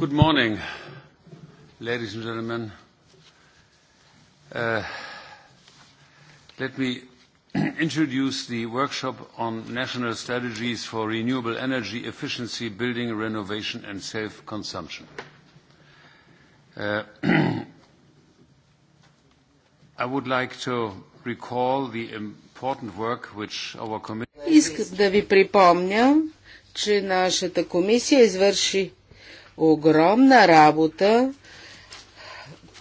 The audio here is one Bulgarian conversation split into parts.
Good morning, ladies and gentlemen. Uh, let me introduce the workshop on national strategies for renewable energy efficiency, building renovation and self-consumption. Uh, I would like to recall the important work which our committee... Искам да ви припомня, че нашата комисия извърши огромна работа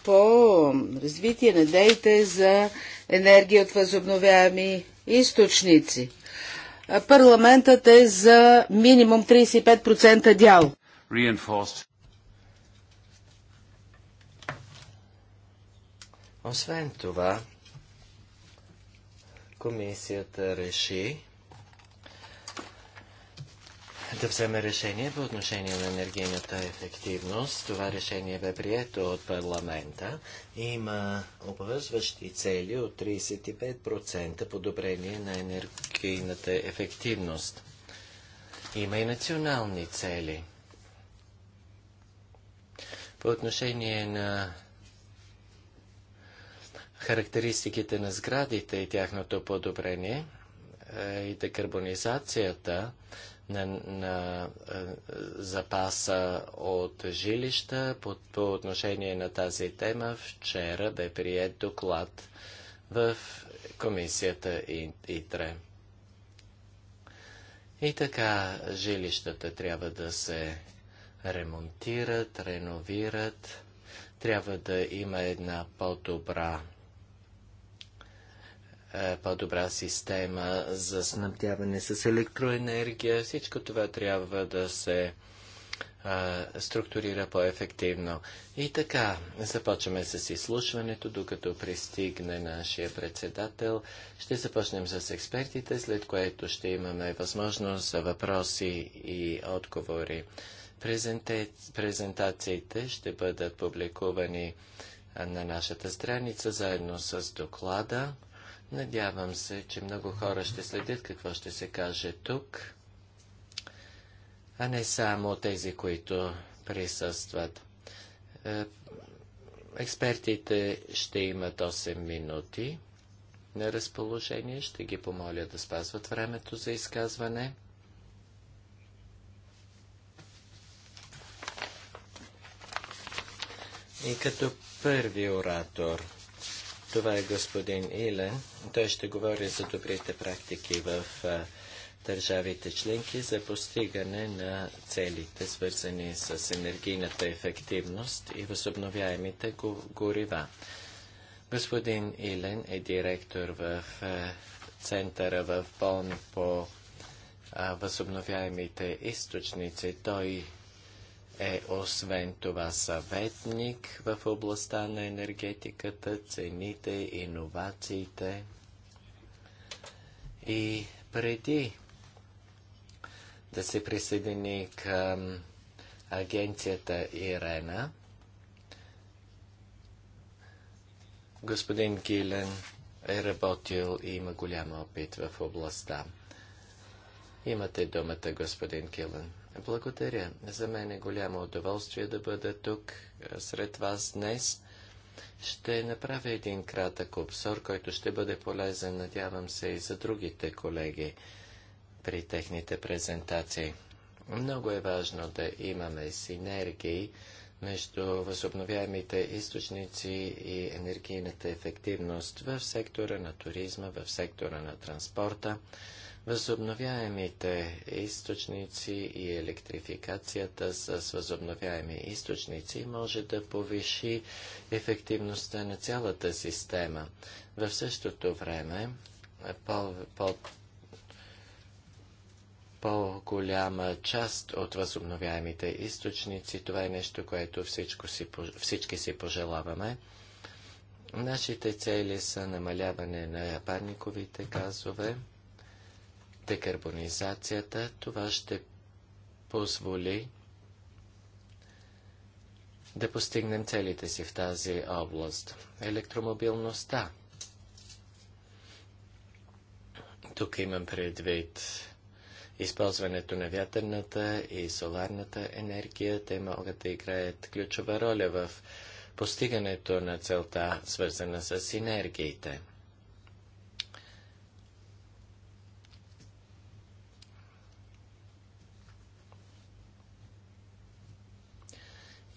по развитие на идеите за енергия от възобновяеми източници. Парламентът е за минимум 35% дял. Освен това, комисията реши да вземе решение по отношение на енергийната ефективност. Това решение бе прието от парламента. Има обвързващи цели от 35% подобрение на енергийната ефективност. Има и национални цели. По отношение на характеристиките на сградите и тяхното подобрение е, и декарбонизацията, на, на е, запаса от жилища. По, по отношение на тази тема вчера бе прият доклад в комисията ИТРЕ. И така жилищата трябва да се ремонтират, реновират, трябва да има една по-добра е, по-добра система за снабдяване с електроенергия. Всичко това трябва да се а, е, структурира по-ефективно. И така, започваме с изслушването, докато пристигне нашия председател. Ще започнем с експертите, след което ще имаме възможност за въпроси и отговори. Презенте... Презентациите ще бъдат публикувани на нашата страница заедно с доклада. Надявам се, че много хора ще следят какво ще се каже тук, а не само тези, които присъстват. Е, експертите ще имат 8 минути на разположение. Ще ги помоля да спазват времето за изказване. И като първи оратор – това е господин Илен. Той ще говори за добрите практики в държавите членки за постигане на целите, свързани с енергийната ефективност и възобновяемите горива. Господин Илен е директор в центъра в БОН по възобновяемите източници. Той е освен това съветник в областта на енергетиката, цените, иновациите. И преди да се присъедини към агенцията Ирена, господин Гилен е работил и има голям опит в областта. Имате думата, господин Гилен. Благодаря. За мен е голямо удоволствие да бъда тук е, сред вас днес. Ще направя един кратък обзор, който ще бъде полезен, надявам се, и за другите колеги при техните презентации. Много е важно да имаме синергии между възобновяемите източници и енергийната ефективност в сектора на туризма, в сектора на транспорта. Възобновяемите източници и електрификацията с възобновяеми източници може да повиши ефективността на цялата система. В същото време по, по, по част от възобновяемите източници. Това е нещо, което всичко си, всички си пожелаваме. Нашите цели са намаляване на парниковите газове, декарбонизацията. Това ще позволи да постигнем целите си в тази област. Електромобилността. Тук имам предвид използването на вятърната и соларната енергия. Те могат да играят ключова роля в постигането на целта, свързана с енергиите.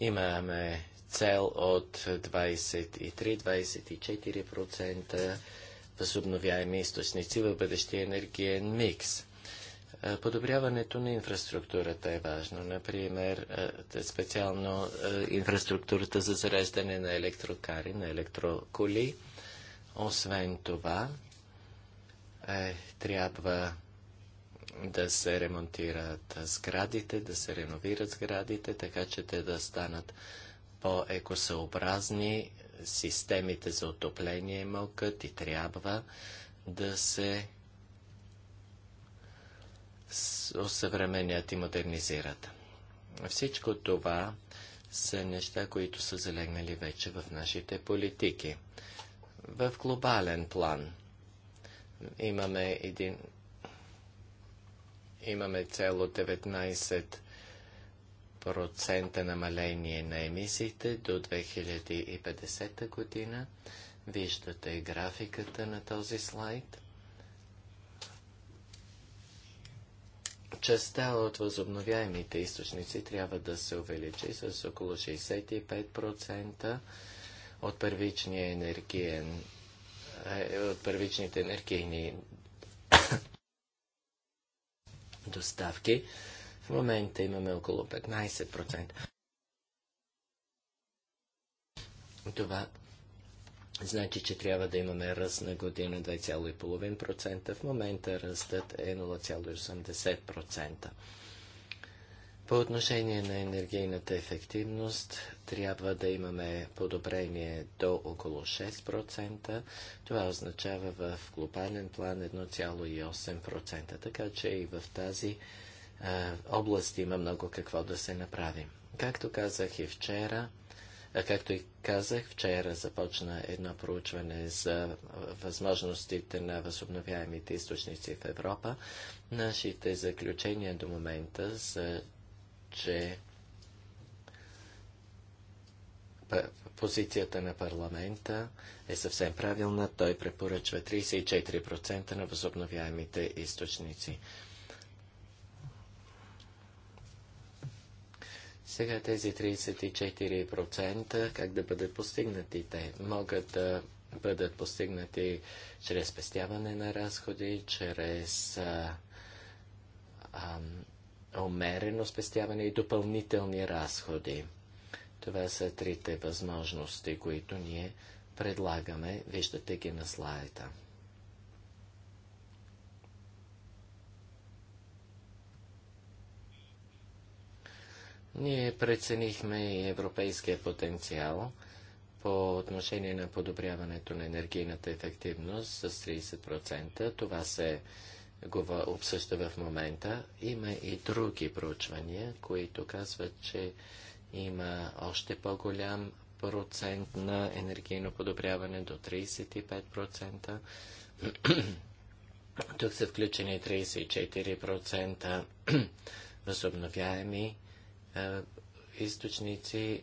Имаме цел от 23-24% възобновяеми източници в бъдещия енергиен микс. Подобряването на инфраструктурата е важно. Например, специално инфраструктурата за зареждане на електрокари, на електроколи. Освен това, е, трябва да се ремонтират сградите, да се реновират сградите, така че те да станат по-екосъобразни. Системите за отопление е мълкат и трябва да се осъвременят и модернизират. Всичко това са неща, които са залегнали вече в нашите политики. В глобален план имаме един Имаме цело 19% намаление на емисиите до 2050 година. Виждате графиката на този слайд. частта от възобновяемите източници трябва да се увеличи с около 65% от първичния енергиен, е, от първичните енергийни доставки. В момента имаме около 15%. Това значи, че трябва да имаме ръст на година 2,5%. В момента ръстът е 0,80%. По отношение на енергийната ефективност, трябва да имаме подобрение до около 6%. Това означава в глобален план 1,8%. Така че и в тази а, област има много какво да се направи. Както казах и вчера, а както и казах, вчера започна едно проучване за възможностите на възобновяемите източници в Европа. Нашите заключения до момента са, че позицията на парламента е съвсем правилна. Той препоръчва 34% на възобновяемите източници. Сега тези 34% как да бъдат постигнати те? Могат да бъдат постигнати чрез спестяване на разходи, чрез а, а, умерено спестяване и допълнителни разходи. Това са трите възможности, които ние предлагаме. Виждате ги на слайда. Ние преценихме и европейския потенциал по отношение на подобряването на енергийната ефективност с 30%. Това се го обсъжда в момента. Има и други проучвания, които казват, че има още по-голям процент на енергийно подобряване до 35%. Тук са включени 34% възобновяеми източници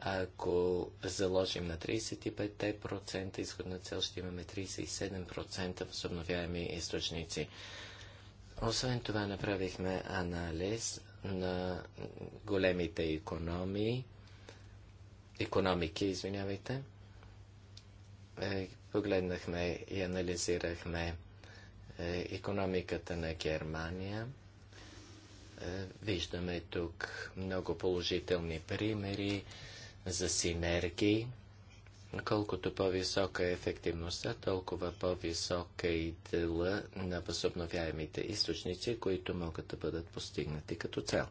ако заложим на 35% изходна цел, ще имаме 37% възобновяеми източници. Освен това направихме анализ на големите економии, економики, извинявайте. Е, погледнахме и анализирахме економиката на Германия – е, виждаме тук много положителни примери за синергии. Колкото по-висока е ефективността, толкова по-висока е и дела на възобновяемите източници, които могат да бъдат постигнати като цел.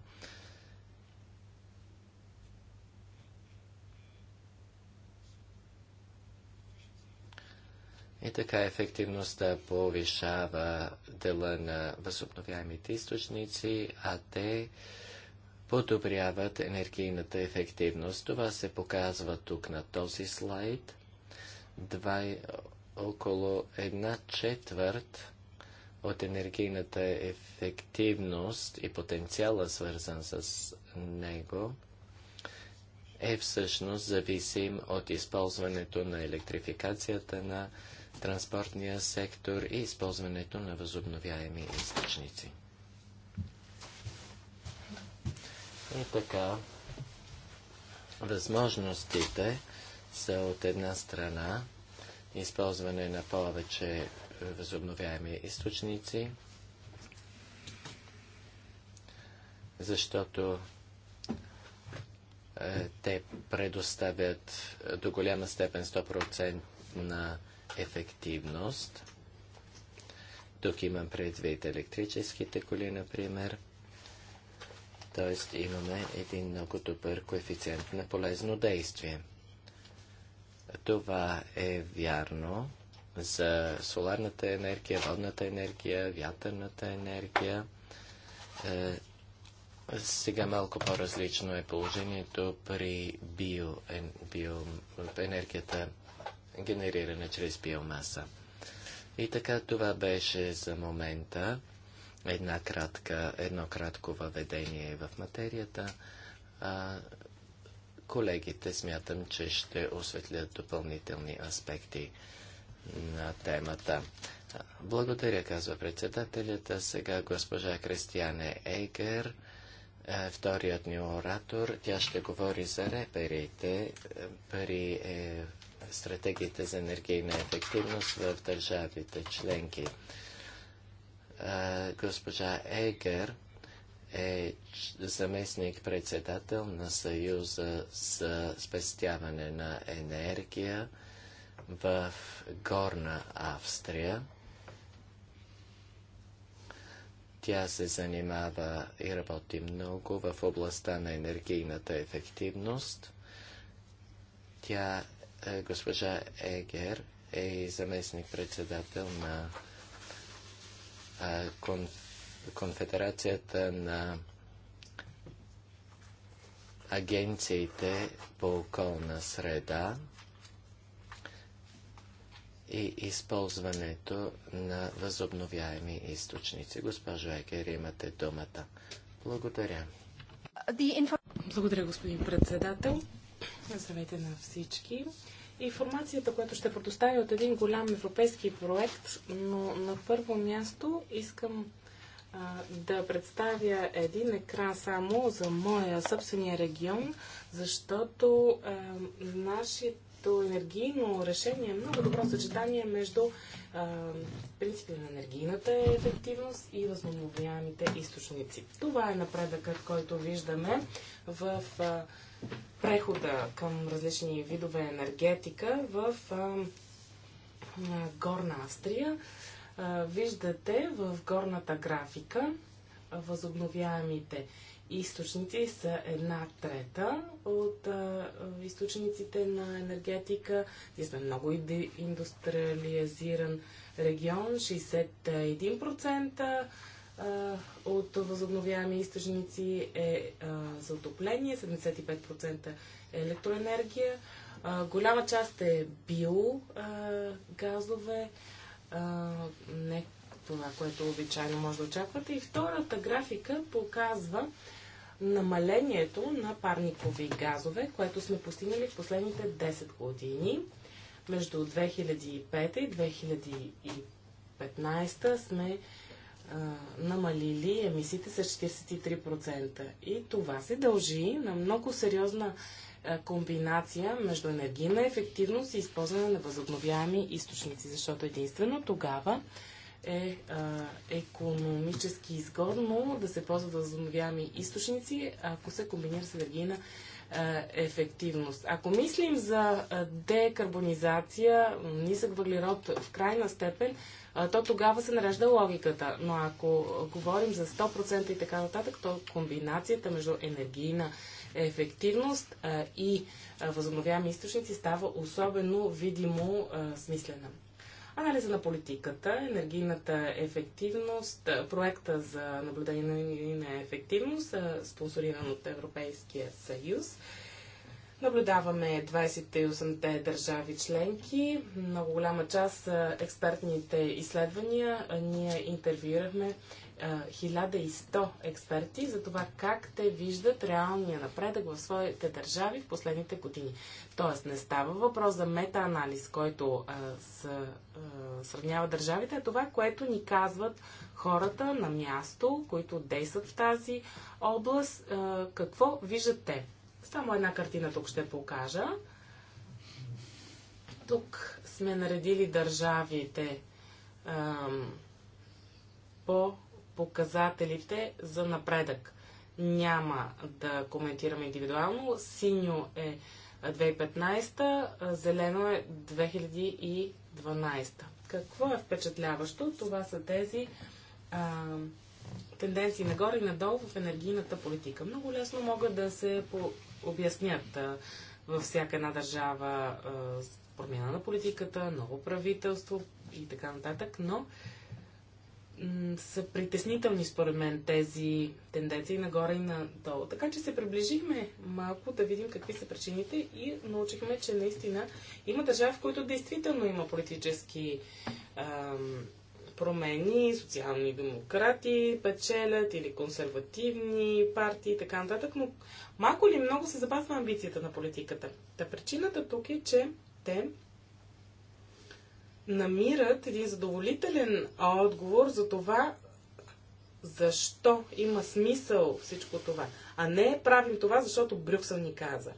И така ефективността повишава дела на възобновяемите източници, а те подобряват енергийната ефективност. Това се показва тук на този слайд. Два, около една четвърт от енергийната ефективност и потенциала, свързан с него, е всъщност зависим от използването на електрификацията на транспортния сектор и използването на възобновяеми източници. И така, възможностите са от една страна използване на повече възобновяеми източници, защото е, те предоставят до голяма степен 100% на ефективност. Тук имам предвид електрическите коли, например. Тоест имаме един много добър коефициент на полезно действие. Това е вярно за соларната енергия, водната енергия, вятърната енергия. Е, сега малко по-различно е положението при биоенергията. био, генерирана чрез биомаса. И така това беше за момента една кратка, едно кратко въведение е в материята. А, колегите смятам, че ще осветлят допълнителни аспекти на темата. Благодаря, казва председателят. А сега госпожа Кристиане Егер, вторият ни оратор. Тя ще говори за реперите при е, стратегиите за енергийна ефективност в държавите членки. Госпожа Егер е заместник-председател на Съюза за спестяване на енергия в Горна Австрия. Тя се занимава и работи много в областта на енергийната ефективност. Тя е, госпожа Егер е заместник-председател на Конфедерацията на агенциите по околна среда и използването на възобновяеми източници. Госпожо Екер, имате думата. Благодаря. Благодаря, господин председател. Здравейте на всички. Информацията, която ще предоставя от един голям европейски проект, но на първо място искам а, да представя един екран само за моя собствения регион, защото а, нашето енергийно решение е много добро съчетание между а, на енергийната ефективност и възобновяемите източници. Това е напредъкът, който виждаме в. А, прехода към различни видове енергетика в а, Горна Австрия. А, виждате в горната графика възобновяемите източници са една трета от а, източниците на енергетика. Ние сме много индустриализиран регион, 61% от възобновяеми изтъжници е за отопление, 75% е електроенергия, голяма част е биогазове, не това, което обичайно може да очаквате. И втората графика показва намалението на парникови газове, което сме постигнали в последните 10 години. Между 2005 и 2015 сме намалили емисиите с 43%. И това се дължи на много сериозна комбинация между енергийна ефективност и използване на възобновяеми източници, защото единствено тогава е а, економически изгодно да се ползват възобновяеми източници, ако се комбинира с енергийна ефективност ефективност. Ако мислим за декарбонизация, нисък въглерод в крайна степен, то тогава се нарежда логиката. Но ако говорим за 100% и така нататък, то комбинацията между енергийна ефективност и възобновяеми източници става особено видимо смислена. Анализа на политиката, енергийната ефективност, проекта за наблюдение на енергийна ефективност, спонсориран от Европейския съюз. Наблюдаваме 28-те държави членки. Много голяма част са експертните изследвания. Ние интервюирахме 1100 експерти за това как те виждат реалния напредък в своите държави в последните години. Тоест не става въпрос за метаанализ, който а, с, а, сравнява държавите, а това, което ни казват хората на място, които действат в тази област, а, какво виждат те. Само една картина тук ще покажа. Тук сме наредили държавите по показателите за напредък. Няма да коментирам индивидуално. Синьо е 2015, зелено е 2012. Какво е впечатляващо? Това са тези а, тенденции нагоре и надолу в енергийната политика. Много лесно могат да се по- обяснят а, във всяка една държава а, промяна на политиката, ново правителство и така нататък, но са притеснителни според мен тези тенденции нагоре и надолу. Така че се приближихме малко да видим какви са причините и научихме, че наистина има държави, в които действително има политически ам, промени, социални демократи печелят или консервативни партии и така нататък, но малко ли много се запазва амбицията на политиката. Та причината тук е, че те намират един задоволителен отговор за това, защо има смисъл всичко това. А не правим това, защото Брюксел ни каза.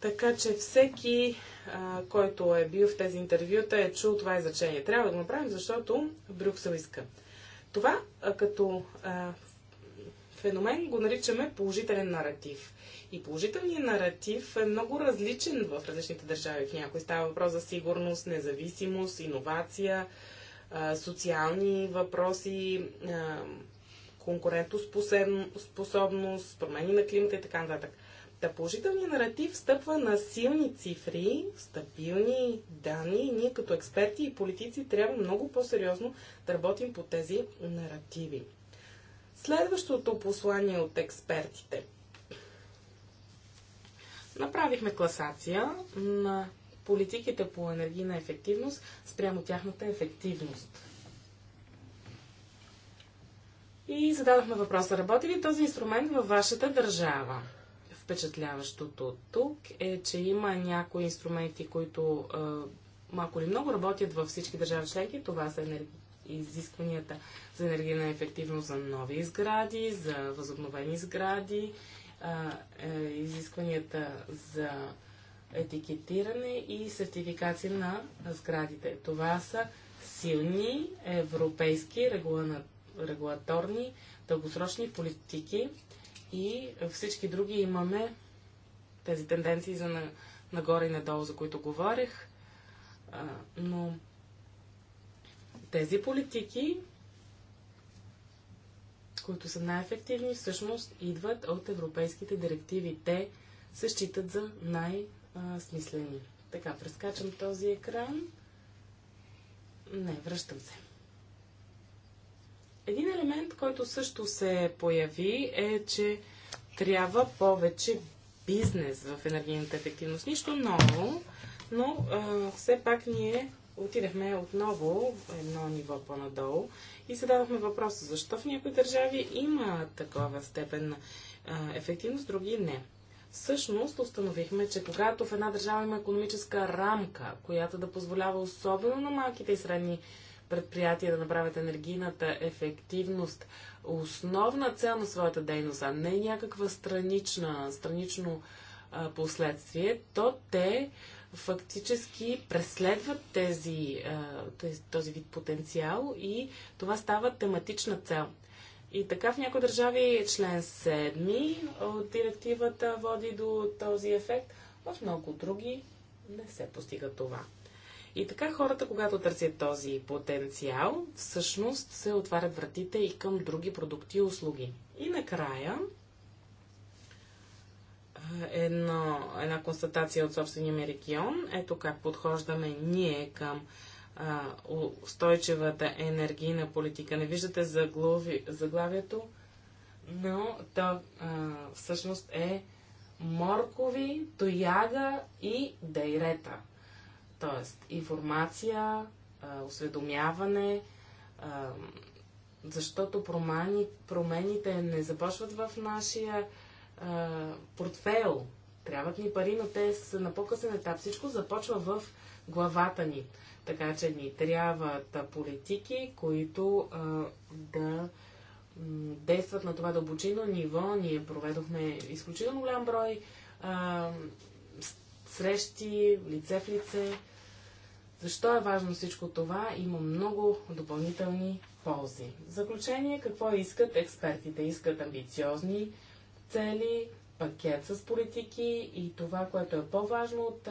Така че всеки, а, който е бил в тези интервюта, е чул това изречение. Трябва да го направим, защото Брюксел иска. Това а, като а, феномен го наричаме положителен наратив. И положителният наратив е много различен в различните държави. В някои става въпрос за сигурност, независимост, иновация, социални въпроси, конкурентоспособност, промени на климата и така нататък. Та положителният наратив стъпва на силни цифри, стабилни данни и ние като експерти и политици трябва много по-сериозно да работим по тези наративи. Следващото послание от експертите. Направихме класация на политиките по енергийна ефективност спрямо тяхната ефективност. И зададохме въпроса, работи ли този инструмент във вашата държава? Впечатляващото тук е, че има някои инструменти, които е, малко или много работят във всички държави членки. Това са енерги... изискванията за енергийна ефективност за нови сгради, за възобновени сгради а, е, изискванията за етикетиране и сертификация на сградите. Това са силни европейски регулаторни дългосрочни политики и всички други имаме тези тенденции за нагоре и надолу, за които говорих, А, но тези политики които са най-ефективни, всъщност идват от европейските директиви. Те се считат за най-смислени. Така, прескачам този екран. Не, връщам се. Един елемент, който също се появи е, че трябва повече бизнес в енергийната ефективност. Нищо ново, но а, все пак ние отидахме отново едно ниво по-надолу и задавахме въпроса защо в някои държави има такава степен на ефективност, други не. Всъщност установихме, че когато в една държава има економическа рамка, която да позволява особено на малките и средни предприятия да направят енергийната ефективност основна цел на своята дейност, а не някаква странична, странично а, последствие, то те фактически преследват тези, този, вид потенциал и това става тематична цел. И така в някои държави е член 7 от директивата води до този ефект, в много други не се постига това. И така хората, когато търсят този потенциал, всъщност се отварят вратите и към други продукти и услуги. И накрая, едно, една констатация от собствения ми регион. Ето как подхождаме ние към а, устойчивата енергийна политика. Не виждате заглави, заглавието, но то а, всъщност е моркови, тояга и дейрета. Тоест информация, а, осведомяване, а, защото промените не започват в нашия Портфел, портфейл. Трябват ни пари, но те са на по-късен етап. Всичко започва в главата ни. Така че ни трябват политики, които а, да действат на това дълбочино ниво. Ние проведохме изключително голям брой а, срещи, лице в лице. Защо е важно всичко това? Има много допълнителни ползи. В заключение, какво искат експертите? Искат амбициозни цели, пакет с политики и това, което е по-важно от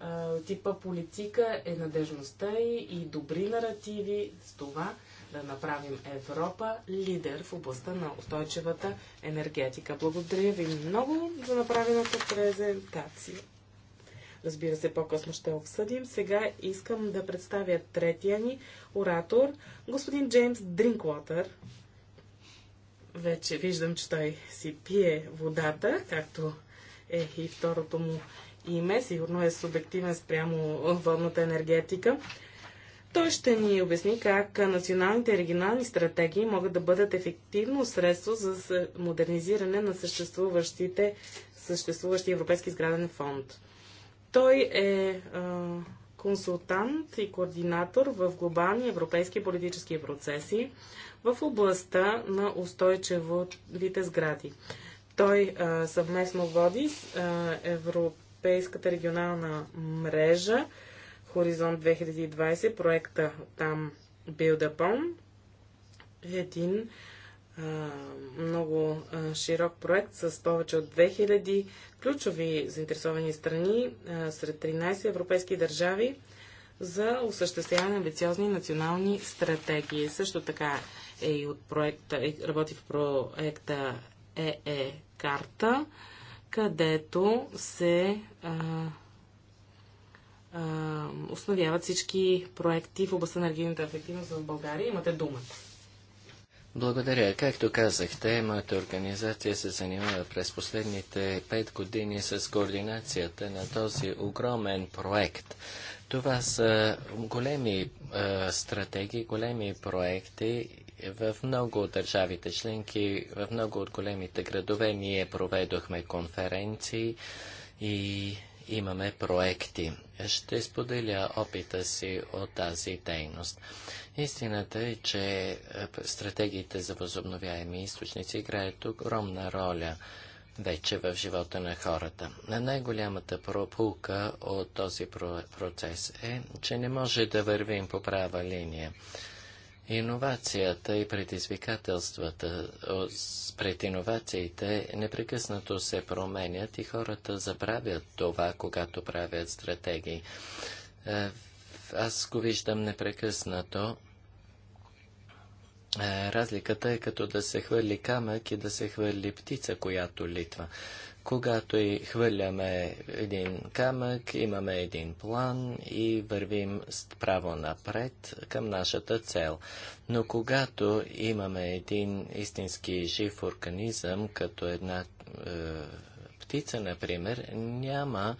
а, типа политика е надежността и, и добри наративи с това да направим Европа лидер в областта на устойчивата енергетика. Благодаря ви много за направената презентация. Разбира се, по-късно ще обсъдим. Сега искам да представя третия ни оратор, господин Джеймс Дринквотър, вече виждам, че той си пие водата, както е и второто му име. Сигурно е субективен спрямо водната енергетика. Той ще ни обясни как националните и регионални стратегии могат да бъдат ефективно средство за модернизиране на съществуващите, съществуващи Европейски сграден фонд. Той е консултант и координатор в глобални европейски политически процеси в областта на устойчивите сгради. Той а, съвместно води с а, Европейската регионална мрежа Хоризонт 2020, проекта там Build Upon, един а, много а, широк проект с повече от 2000 ключови заинтересовани страни а, сред 13 европейски държави за осъществяване на амбициозни национални стратегии. Също така е и от проекта, е, работи в проекта ЕЕ е карта, където се а, а, основяват всички проекти в областта на енергийната ефективност в България. Имате думата. Благодаря. Както казахте, моята организация се занимава през последните пет години с координацията на този огромен проект. Това са големи е, стратегии, големи проекти в много от държавите членки, в много от големите градове ние проведохме конференции и имаме проекти. Ще споделя опита си от тази дейност. Истината е, че е, стратегиите за възобновяеми източници играят огромна роля вече в живота на хората. Най-голямата пропулка от този процес е, че не може да вървим по права линия. Иновацията и предизвикателствата пред иновациите непрекъснато се променят и хората забравят това, когато правят стратегии. Е, аз го виждам непрекъснато. Е, разликата е като да се хвърли камък и да се хвърли птица, която литва. Когато и хвърляме един камък, имаме един план и вървим право напред към нашата цел. Но когато имаме един истински жив организъм, като една е, птица, например, няма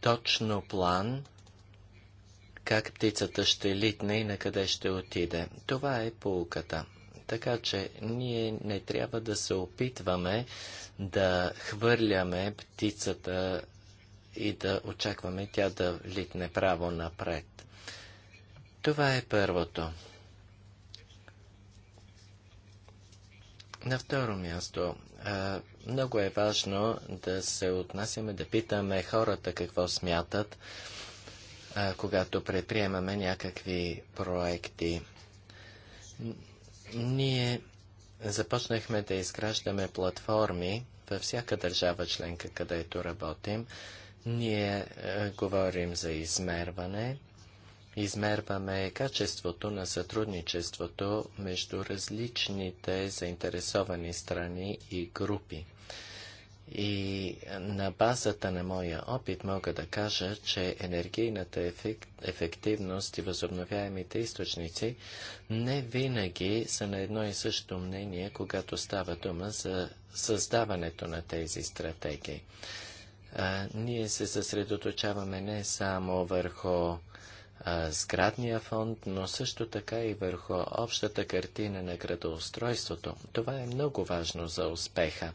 точно план как птицата ще литне и на къде ще отиде. Това е полуката. Така че ние не трябва да се опитваме да хвърляме птицата и да очакваме тя да литне право напред. Това е първото. На второ място, много е важно да се отнасяме, да питаме хората какво смятат, когато предприемаме някакви проекти. Ние започнахме да изграждаме платформи във всяка държава членка, където работим. Ние е, говорим за измерване. Измерваме качеството на сътрудничеството между различните заинтересовани страни и групи. И на базата на моя опит мога да кажа, че енергийната ефективност и възобновяемите източници не винаги са на едно и също мнение, когато става дума за създаването на тези стратегии. А, ние се съсредоточаваме не само върху а, сградния фонд, но също така и върху общата картина на градоустройството. Това е много важно за успеха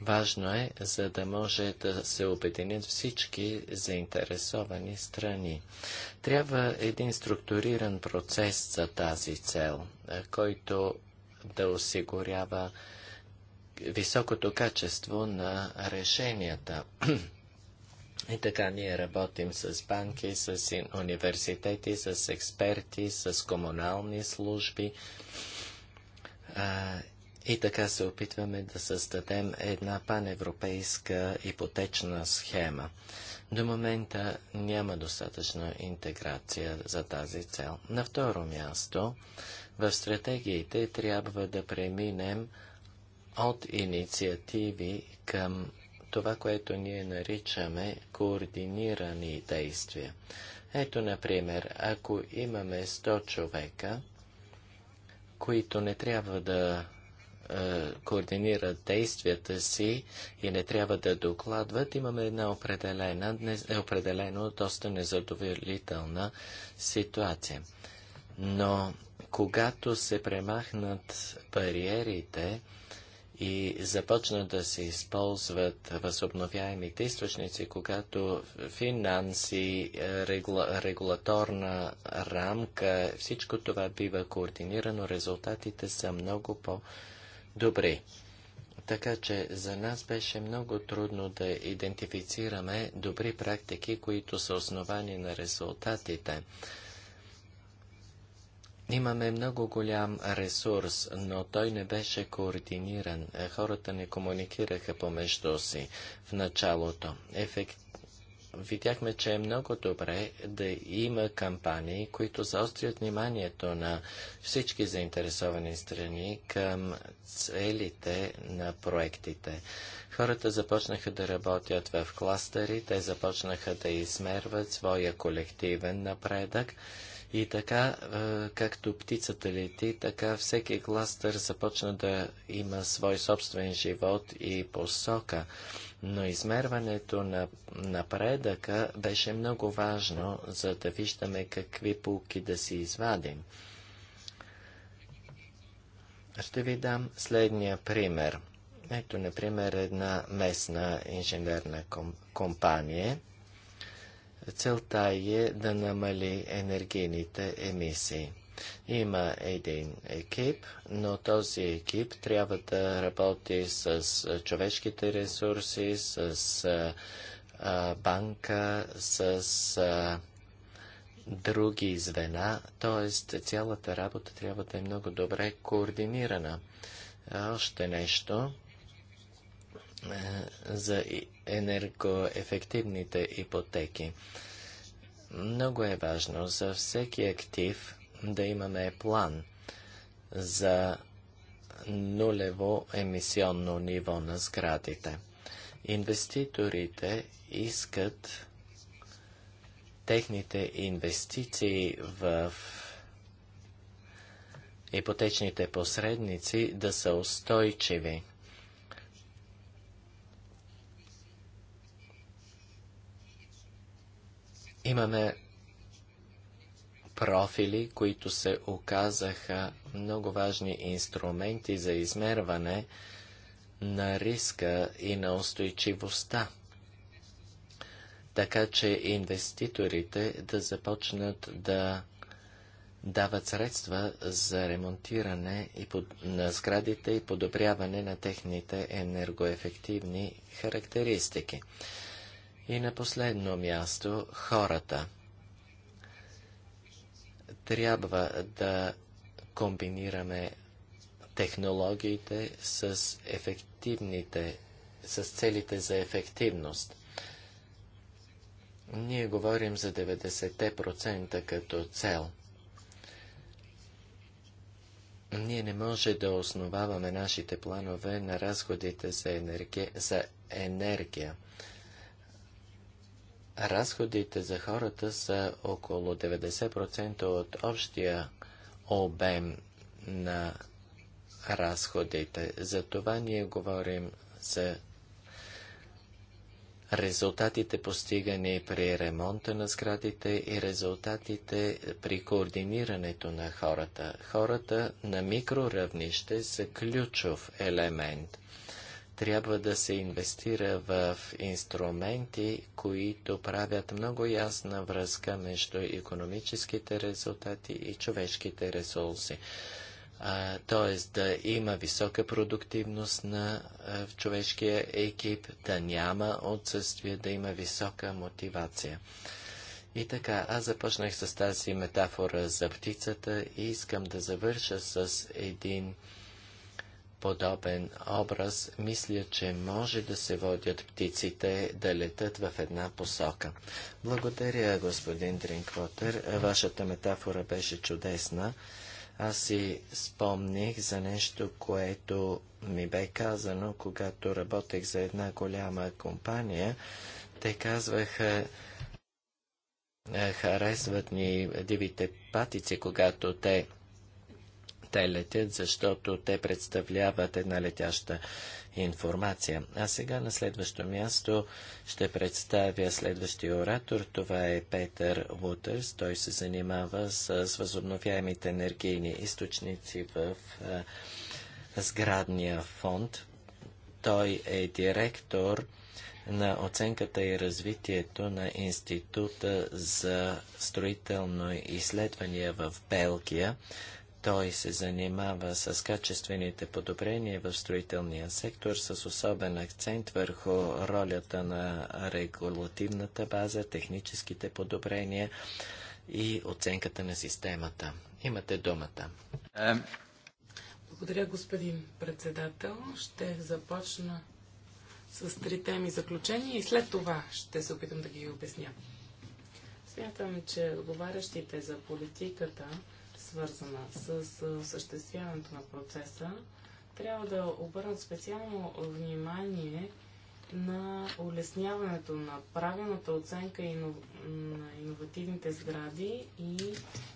Важно е, за да може да се обединят всички заинтересовани страни. Трябва един структуриран процес за тази цел, който да осигурява високото качество на решенията. И така ние работим с банки, с университети, с експерти, с комунални служби и така се опитваме да създадем една паневропейска ипотечна схема. До момента няма достатъчна интеграция за тази цел. На второ място, в стратегиите трябва да преминем от инициативи към това, което ние наричаме координирани действия. Ето, например, ако имаме 100 човека, които не трябва да е, координират действията си и не трябва да докладват, имаме една определена, не, е определено доста незадоволителна ситуация. Но когато се премахнат бариерите, и започнат да се използват възобновяемите източници, когато финанси, е, регула, регулаторна рамка, всичко това бива координирано, резултатите са много по- добри. Така че за нас беше много трудно да идентифицираме добри практики, които са основани на резултатите. Имаме много голям ресурс, но той не беше координиран. Е, хората не комуникираха помежду си в началото. Ефект видяхме, че е много добре да има кампании, които заострят вниманието на всички заинтересовани страни към целите на проектите. Хората започнаха да работят в кластери, те започнаха да измерват своя колективен напредък. И така, е, както птицата лети, така всеки кластър започна да има свой собствен живот и посока но измерването на напредъка беше много важно, за да виждаме какви пулки да си извадим. Ще ви дам следния пример. Ето, например, една местна инженерна компания. Целта е да намали енергийните емисии. Има един екип, но този екип трябва да работи с човешките ресурси, с а, банка, с а, други звена, т.е. цялата работа трябва да е много добре координирана. Още нещо за енергоефективните ипотеки. Много е важно за всеки актив да имаме план за нулево емисионно ниво на сградите. Инвеститорите искат техните инвестиции в ипотечните посредници да са устойчиви. Имаме профили, които се оказаха много важни инструменти за измерване на риска и на устойчивостта, така че инвеститорите да започнат да дават средства за ремонтиране и под... на сградите и подобряване на техните енергоефективни характеристики. И на последно място хората – трябва да комбинираме технологиите с ефективните, с целите за ефективност. Ние говорим за 90% като цел. Ние не може да основаваме нашите планове на разходите за енергия. За енергия разходите за хората са около 90% от общия обем на разходите. За това ние говорим за резултатите постигани при ремонта на сградите и резултатите при координирането на хората. Хората на микроравнище са ключов елемент трябва да се инвестира в инструменти, които правят много ясна връзка между економическите резултати и човешките ресурси. Т.е. да има висока продуктивност на в човешкия екип, да няма отсъствие, да има висока мотивация. И така, аз започнах с тази метафора за птицата и искам да завърша с един подобен образ, мисля, че може да се водят птиците да летат в една посока. Благодаря, господин Дринквотер. Вашата метафора беше чудесна. Аз си спомних за нещо, което ми бе казано, когато работех за една голяма компания. Те казваха, «Е, харесват ни дивите патици, когато те те летят, защото те представляват една летяща информация. А сега на следващо място ще представя следващия оратор. Това е Петър Лутърс. Той се занимава с възобновяемите енергийни източници в а, сградния фонд. Той е директор на оценката и развитието на Института за строително изследвания в Белгия. Той се занимава с качествените подобрения в строителния сектор с особен акцент върху ролята на регулативната база, техническите подобрения и оценката на системата. Имате думата. Благодаря, господин председател. Ще започна с три теми заключения и след това ще се опитам да ги обясня. Смятам, че отговарящите за политиката свързана с осъществяването на процеса, трябва да обърнат специално внимание на улесняването на правилната оценка на иновативните сгради и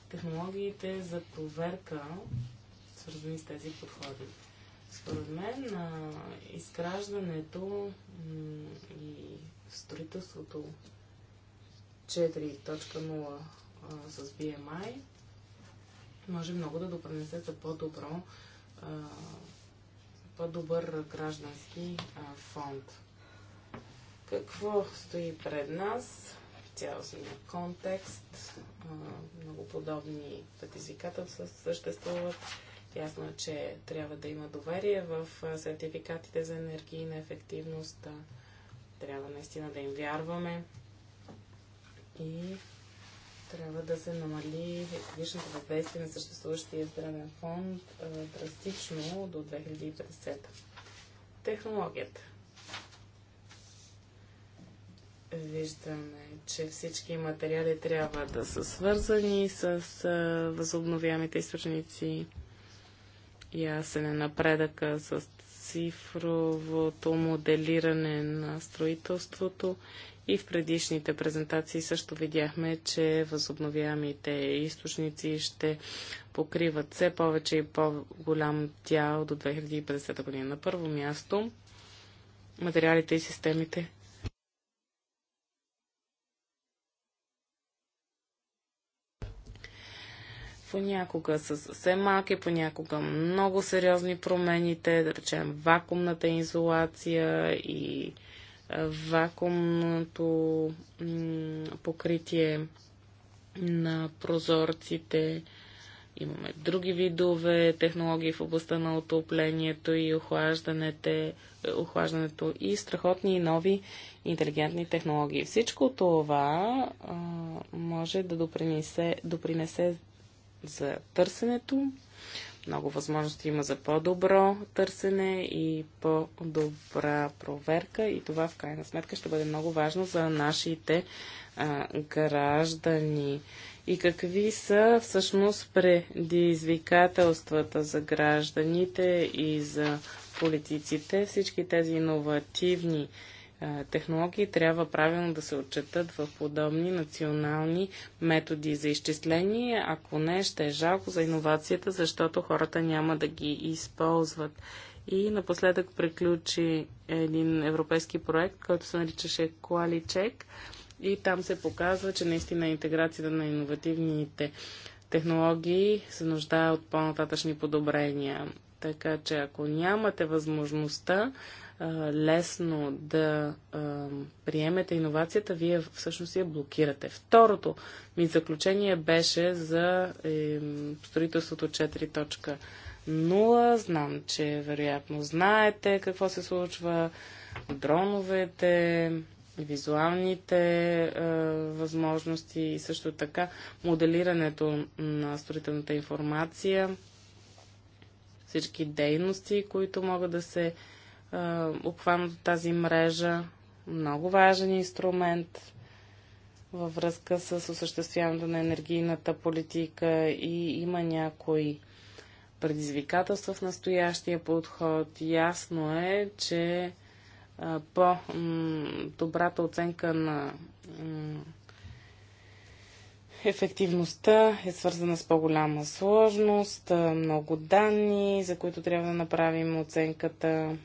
технологиите за проверка, свързани с тези подходи. Според мен, изграждането и строителството 4.0 с BMI може много да допринесе за по-добро, по-добър граждански фонд. Какво стои пред нас? В цялостния контекст. Много подобни предизвикателства съществуват. Ясно е, че трябва да има доверие в сертификатите за енергийна ефективност. Трябва наистина да им вярваме. И трябва да се намали екологичното въздействие на съществуващия здравен фонд а, драстично до 2050. Технологията. Виждаме, че всички материали трябва да са свързани с а, възобновяемите източници. Ясен е напредъка с цифровото моделиране на строителството и в предишните презентации също видяхме, че възобновяемите източници ще покриват все повече и по-голям дял до 2050 година. На първо място материалите и системите. Понякога са съвсем малки, понякога много сериозни промените, да речем вакуумната изолация и вакуумното покритие на прозорците. Имаме други видове технологии в областта на отоплението и охлаждането и страхотни и нови интелигентни технологии. Всичко това а, може да допринесе, допринесе за търсенето, много възможности има за по-добро търсене и по-добра проверка и това в крайна сметка ще бъде много важно за нашите а, граждани. И какви са всъщност предизвикателствата за гражданите и за политиците? Всички тези иновативни технологии трябва правилно да се отчетат в подобни национални методи за изчисление. Ако не, ще е жалко за иновацията, защото хората няма да ги използват. И напоследък приключи един европейски проект, който се наричаше Qualicheck. И там се показва, че наистина интеграцията на иновативните технологии се нуждае от по-нататъчни подобрения. Така че ако нямате възможността лесно да приемете иновацията, вие всъщност я блокирате. Второто ми заключение беше за строителството 4.0. Знам, че вероятно знаете какво се случва. Дроновете, визуалните е, възможности и също така моделирането на строителната информация, всички дейности, които могат да се е, обхванат от тази мрежа. Много важен инструмент във връзка с осъществяването на енергийната политика и има някои предизвикателства в настоящия подход. Ясно е, че е, по-добрата оценка на ефективността е свързана с по-голяма сложност, е, много данни, за които трябва да направим оценката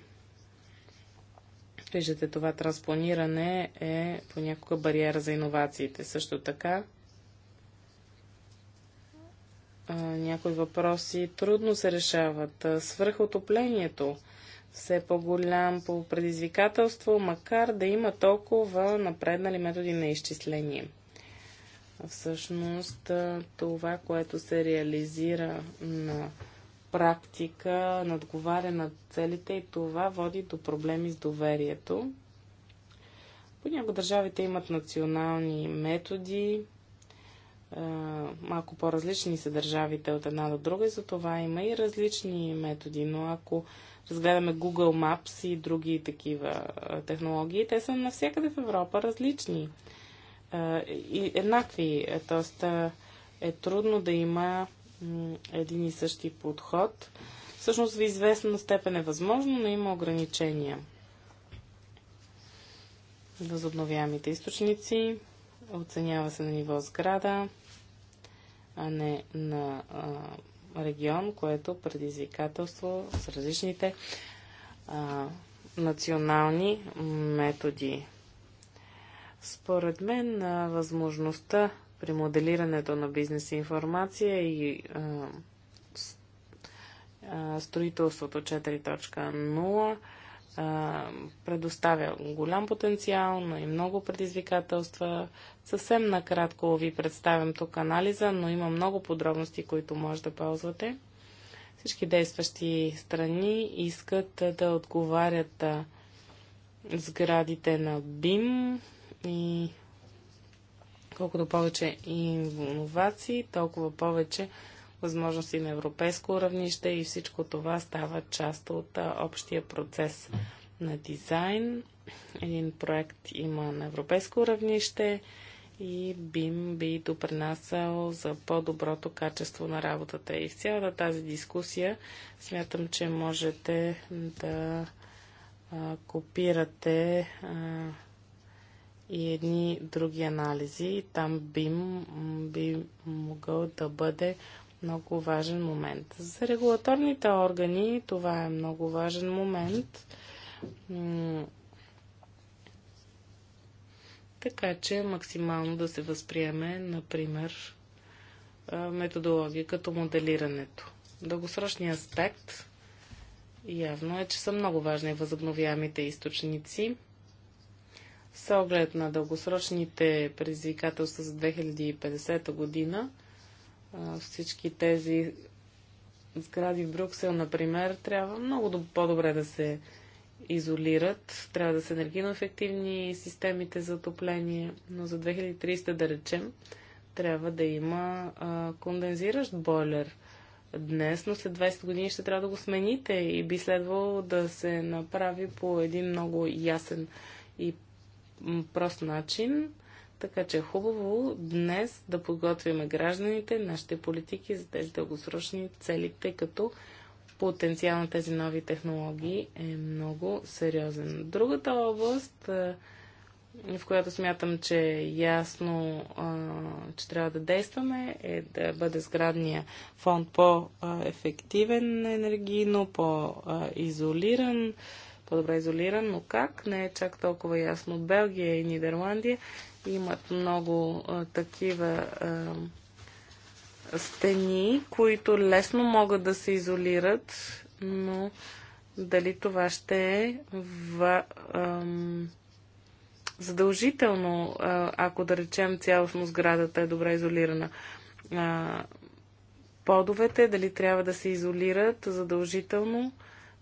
Виждате, това транспониране е понякога бариера за иновациите. Също така, някои въпроси трудно се решават. Свръхотоплението все по-голям по предизвикателство, макар да има толкова напреднали методи на изчисление. Всъщност това, което се реализира на практика надговаря на целите и това води до проблеми с доверието. Понякога държавите имат национални методи, малко по-различни са държавите от една до друга и за това има и различни методи, но ако разгледаме Google Maps и други такива технологии, те са навсякъде в Европа различни и еднакви, т.е. е трудно да има един и същи подход. Всъщност в известна степен е възможно, но има ограничения. Възобновяемите източници оценява се на ниво сграда, а не на а, регион, което предизвикателство с различните а, национални методи. Според мен, възможността при моделирането на бизнес информация и а, строителството 4.0 предоставя голям потенциал, но и много предизвикателства. Съвсем накратко ви представям тук анализа, но има много подробности, които може да ползвате. Всички действащи страни искат да отговарят сградите на БИМ и Колкото повече инновации, толкова повече възможности на европейско равнище и всичко това става част от общия процес на дизайн. Един проект има на европейско равнище и бим би допринасял за по-доброто качество на работата. И в цялата тази дискусия смятам, че можете да а, копирате а, и едни други анализи. Там би, би могъл да бъде много важен момент. За регулаторните органи това е много важен момент. Така че максимално да се възприеме, например, методология като моделирането. Дългосрочният аспект явно е, че са много важни възобновяемите източници – с оглед на дългосрочните предизвикателства за 2050 година, всички тези сгради в Брюксел, например, трябва много по-добре да се изолират, трябва да са енергийно ефективни системите за отопление, но за 2300 да речем, трябва да има а, кондензиращ бойлер днес, но след 20 години ще трябва да го смените и би следвало да се направи по един много ясен и прост начин. Така че е хубаво днес да подготвим гражданите, нашите политики за тези дългосрочни цели, тъй като потенциал на тези нови технологии е много сериозен. Другата област, в която смятам, че е ясно, че трябва да действаме, е да бъде сградния фонд по-ефективен енергийно, по-изолиран по-добре изолиран, но как не е чак толкова ясно. Белгия и Нидерландия имат много а, такива а, стени, които лесно могат да се изолират, но дали това ще е в, а, задължително, а, ако да речем цялостно сградата е добре изолирана. А, подовете, дали трябва да се изолират задължително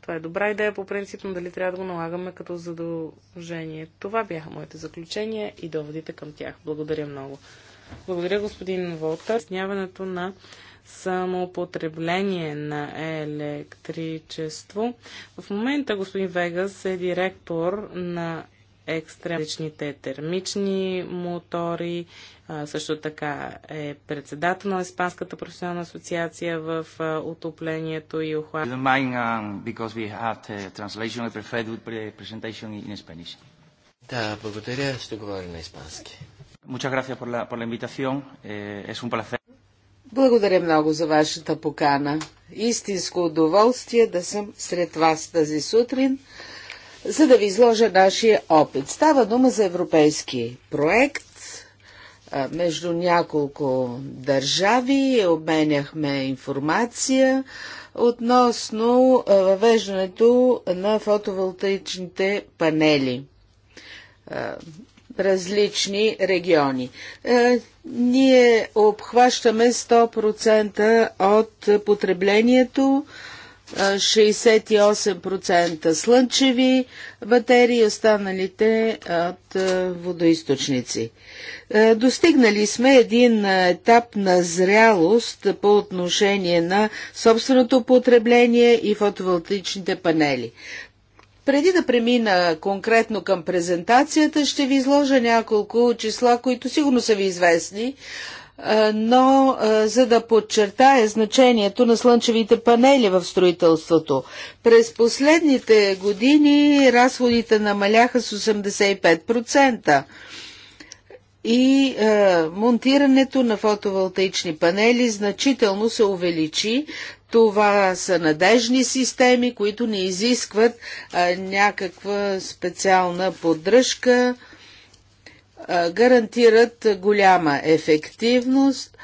това е добра идея по принцип, но дали трябва да го налагаме като задължение. Това бяха моите заключения и доводите към тях. Благодаря много. Благодаря господин Волтер. Сняването на самопотребление на електричество. В момента господин Вегас е директор на екстремичните термични мотори. също така е председател на Испанската професионална асоциация в отоплението и охлаждането. Um, uh, да, благодаря. Ще говоря на испански. Muchas gracias por la, por la invitación. Eh, es un placer. Благодаря много за вашата покана. Истинско удоволствие да съм сред вас тази сутрин за да ви изложа нашия опит. Става дума за европейски проект между няколко държави, обменяхме информация относно въвеждането на фотоволтаичните панели различни региони. Ние обхващаме 100% от потреблението, 68% слънчеви батерии, останалите от водоисточници. Достигнали сме един етап на зрялост по отношение на собственото потребление и фотоволтичните панели. Преди да премина конкретно към презентацията, ще ви изложа няколко числа, които сигурно са ви известни, е, но е, за да подчертая значението на слънчевите панели в строителството. През последните години разходите намаляха с 85% и е, монтирането на фотоволтаични панели значително се увеличи. Това са надежни системи, които не изискват някаква специална поддръжка гарантират голяма ефективност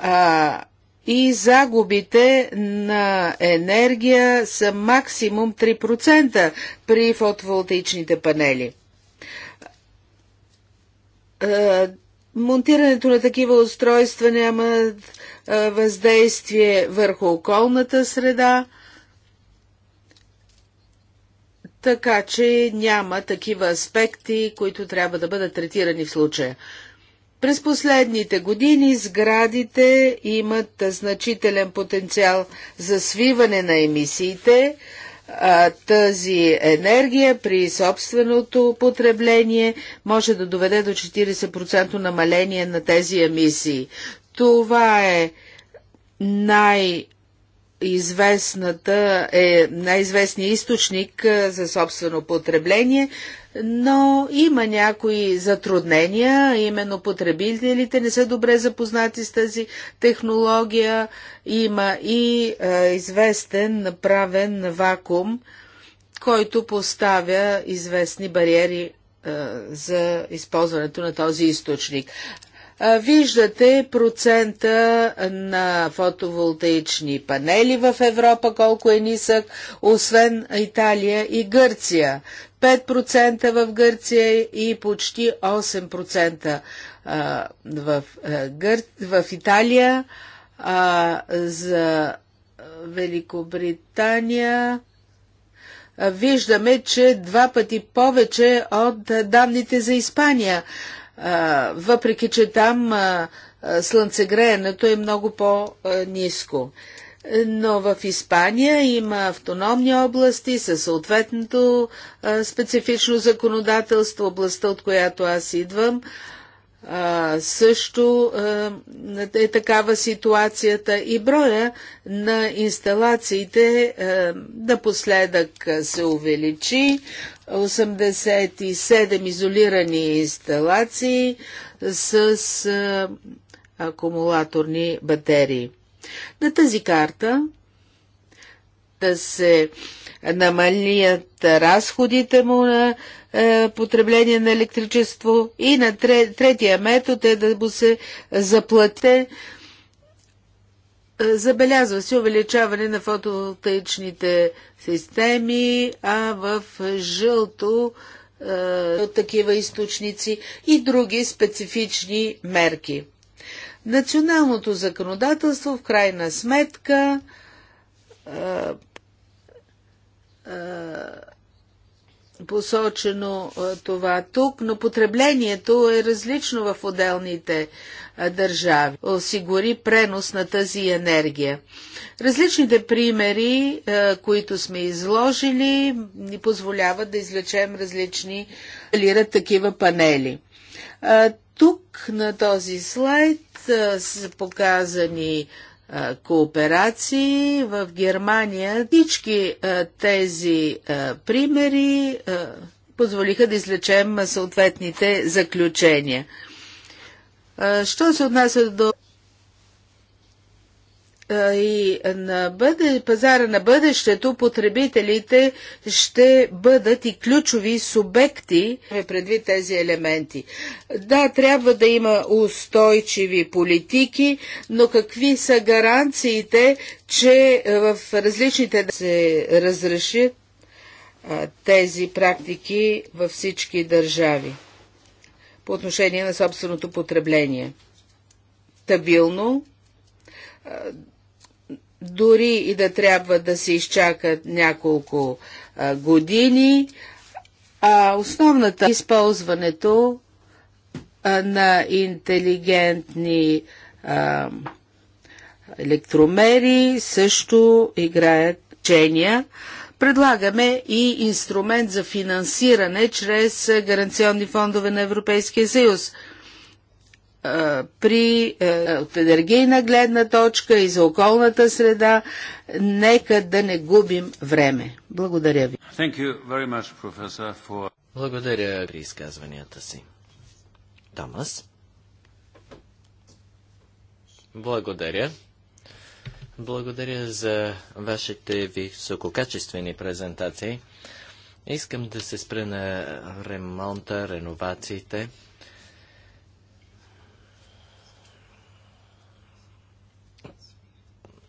а, и загубите на енергия са максимум 3% при фотоволтаичните панели. А, монтирането на такива устройства няма въздействие върху околната среда, така че няма такива аспекти, които трябва да бъдат третирани в случая. През последните години сградите имат значителен потенциал за свиване на емисиите. тази енергия при собственото потребление може да доведе до 40% намаление на тези емисии. Това е най- известната е най-известният източник за собствено потребление, но има някои затруднения, именно потребителите не са добре запознати с тази технология, има и е, известен направен вакуум, който поставя известни бариери е, за използването на този източник. Виждате процента на фотоволтаични панели в Европа, колко е нисък, освен Италия и Гърция. 5% в Гърция и почти 8% в, Италия. А Италия. За Великобритания виждаме, че два пъти повече от данните за Испания въпреки че там слънцегреенето е много по-низко. Но в Испания има автономни области със съответното специфично законодателство, областта от която аз идвам. А, също а, е такава ситуацията и броя на инсталациите а, напоследък се увеличи. 87 изолирани инсталации с акумулаторни батерии. На тази карта да се намалият разходите му на е, потребление на електричество и на третия метод е да му се заплате е, забелязва се увеличаване на фотоволтаичните системи, а в жълто е, от такива източници и други специфични мерки. Националното законодателство в крайна сметка а, е, а, посочено това тук, но потреблението е различно в отделните държави. Осигури пренос на тази енергия. Различните примери, които сме изложили, ни позволяват да излечем различни лират такива панели. Тук на този слайд са показани кооперации в Германия. Всички тези примери позволиха да излечем съответните заключения. Що се отнася до и на бъде, пазара на бъдещето потребителите ще бъдат и ключови субекти предвид тези елементи. Да, трябва да има устойчиви политики, но какви са гаранциите, че в различните да се разрешат тези практики във всички държави по отношение на собственото потребление? Табилно дори и да трябва да се изчакат няколко а, години, а основната използването а, на интелигентни а, електромери също играят чения. Предлагаме и инструмент за финансиране чрез гаранционни фондове на Европейския съюз – при, е, от енергийна гледна точка и за околната среда, нека да не губим време. Благодаря ви. Much, for... Благодаря при изказванията си. Томас? Благодаря. Благодаря за вашите висококачествени презентации. Искам да се спра на ремонта, реновациите.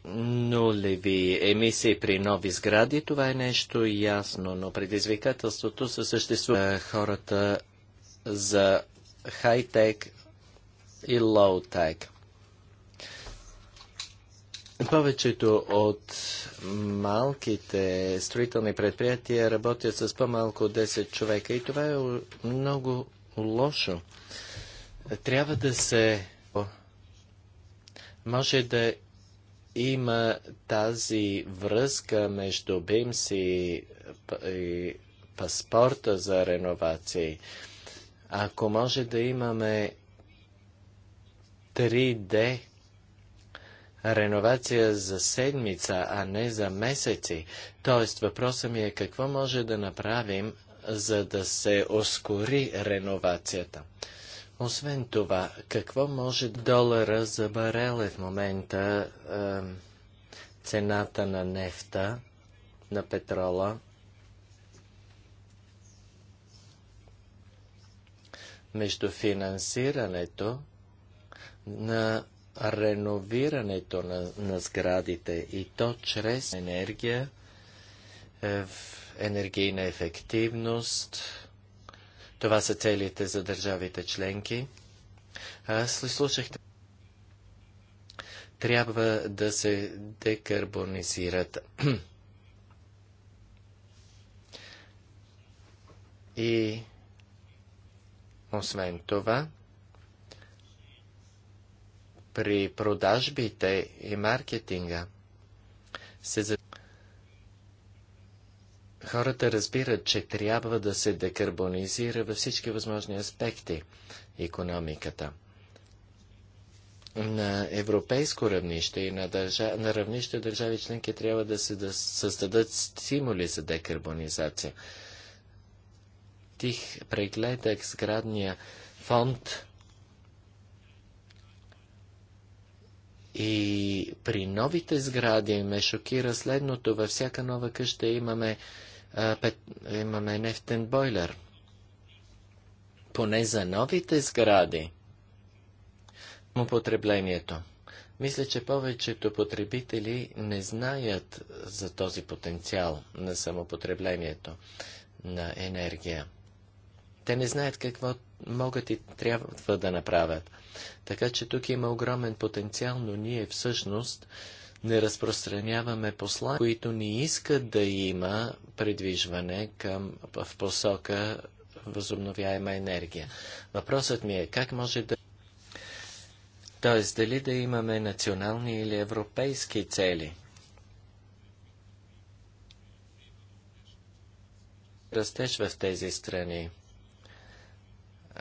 нулеви емисии при нови сгради, това е нещо ясно, но предизвикателството се съществува е, хората за хай-тек и лоу-тек. Повечето от малките строителни предприятия работят с по-малко 10 човека и това е много лошо. Трябва да се може да има тази връзка между БИМС и, и паспорта за реновации. Ако може да имаме 3D реновация за седмица, а не за месеци, т.е. въпросът ми е какво може да направим, за да се ускори реновацията. Освен това, какво може долара за барел е в момента е, цената на нефта, на петрола? Между финансирането на реновирането на, на сградите и то чрез енергия, е, енергийна ефективност, това са целите за държавите членки. Аз ли слушахте? Трябва да се декарбонизират. И освен това, при продажбите и маркетинга се Хората разбират, че трябва да се декарбонизира във всички възможни аспекти економиката. На европейско равнище и на, държа... на равнище държави членки трябва да се да създадат стимули за декарбонизация. Тих прегледах сградния фонд и при новите сгради ме шокира следното. Във всяка нова къща имаме пет, имаме нефтен бойлер. Поне за новите сгради употреблението. Мисля, че повечето потребители не знаят за този потенциал на самопотреблението на енергия. Те не знаят какво могат и трябва да направят. Така че тук има огромен потенциал, но ние всъщност не разпространяваме посла, които не искат да има предвижване към, в посока възобновяема енергия. Въпросът ми е как може да. Тоест, дали да имаме национални или европейски цели? Растеж в тези страни.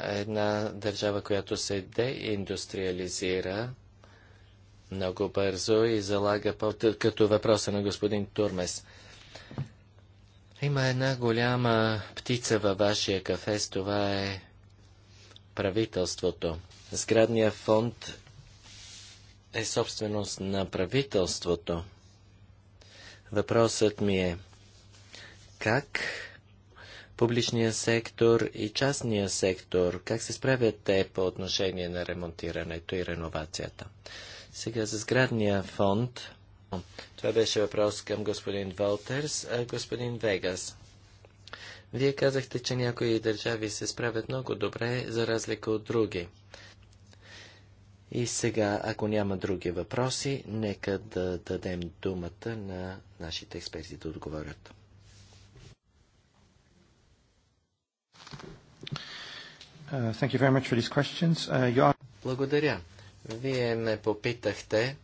Една държава, която се деиндустриализира, много бързо и залага под, като въпроса на господин Турмес. Има една голяма птица във вашия кафе, с това е правителството. Сградният фонд е собственост на правителството. Въпросът ми е как публичния сектор и частния сектор, как се справят те по отношение на ремонтирането и реновацията? Сега за сградния фонд. Това беше въпрос към господин Волтерс, а господин Вегас. Вие казахте, че някои държави се справят много добре, за разлика от други. И сега, ако няма други въпроси, нека да дадем думата на нашите експерти да отговорят. Uh, uh, you... Благодаря вие ме попитахте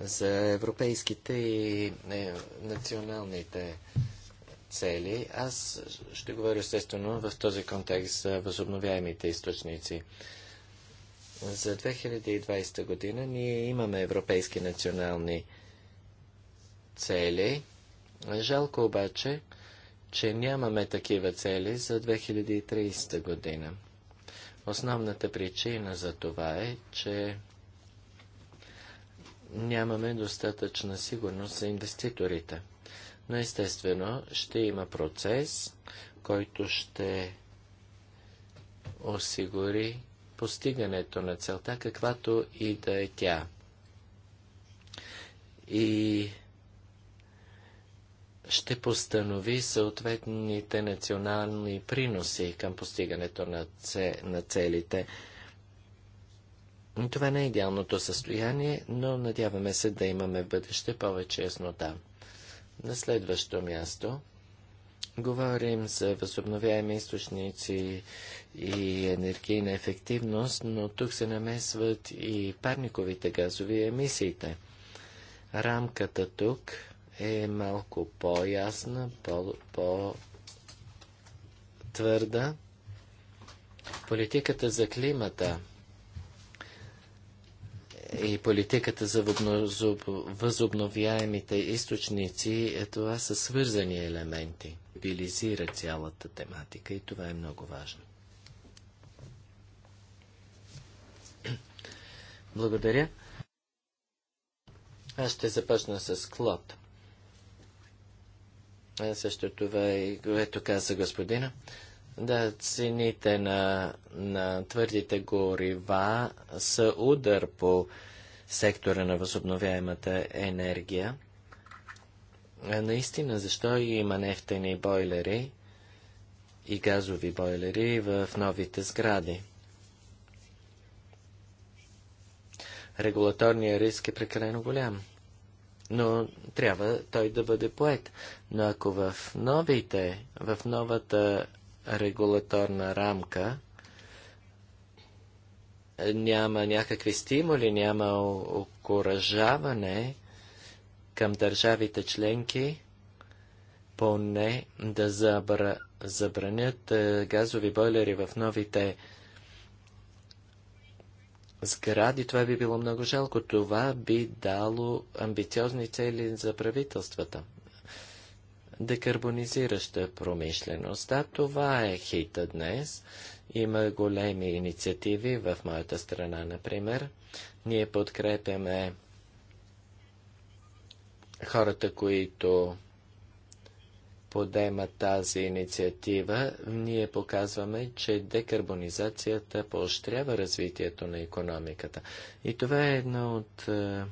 за европейските и е, националните цели. Аз ще говоря естествено в този контекст за възобновяемите източници. За 2020 година ние имаме европейски национални цели. Жалко обаче, че нямаме такива цели за 2030 година. Основната причина за това е, че нямаме достатъчна сигурност за инвеститорите. Но естествено ще има процес, който ще осигури постигането на целта, каквато и да е тя. И ще постанови съответните национални приноси към постигането на, це, на целите. Това не е идеалното състояние, но надяваме се да имаме в бъдеще повече яснота. На следващо място говорим за възобновяеми източници и енергийна ефективност, но тук се намесват и парниковите газови емисиите. Рамката тук е малко по-ясна, по-твърда. -по политиката за климата и политиката за възобновяемите източници, е това са свързани елементи. Билизира цялата тематика и това е много важно. Благодаря. Аз ще започна с Клод. Също това е, което каза господина. Да, цените на, на твърдите горива са удар по сектора на възобновяемата енергия. А наистина, защо има нефтени бойлери и газови бойлери в новите сгради? Регулаторният риск е прекалено голям но трябва той да бъде поет. Но ако в новите, в новата регулаторна рамка няма някакви стимули, няма окоръжаване към държавите членки, поне да забра, забранят е, газови бойлери в новите сгради. Това би било много жалко. Това би дало амбициозни цели за правителствата. Декарбонизираща промишленост. Да, това е хита днес. Има големи инициативи в моята страна, например. Ние подкрепяме хората, които подема тази инициатива, ние показваме, че декарбонизацията поощрява развитието на економиката. И това е едно от е,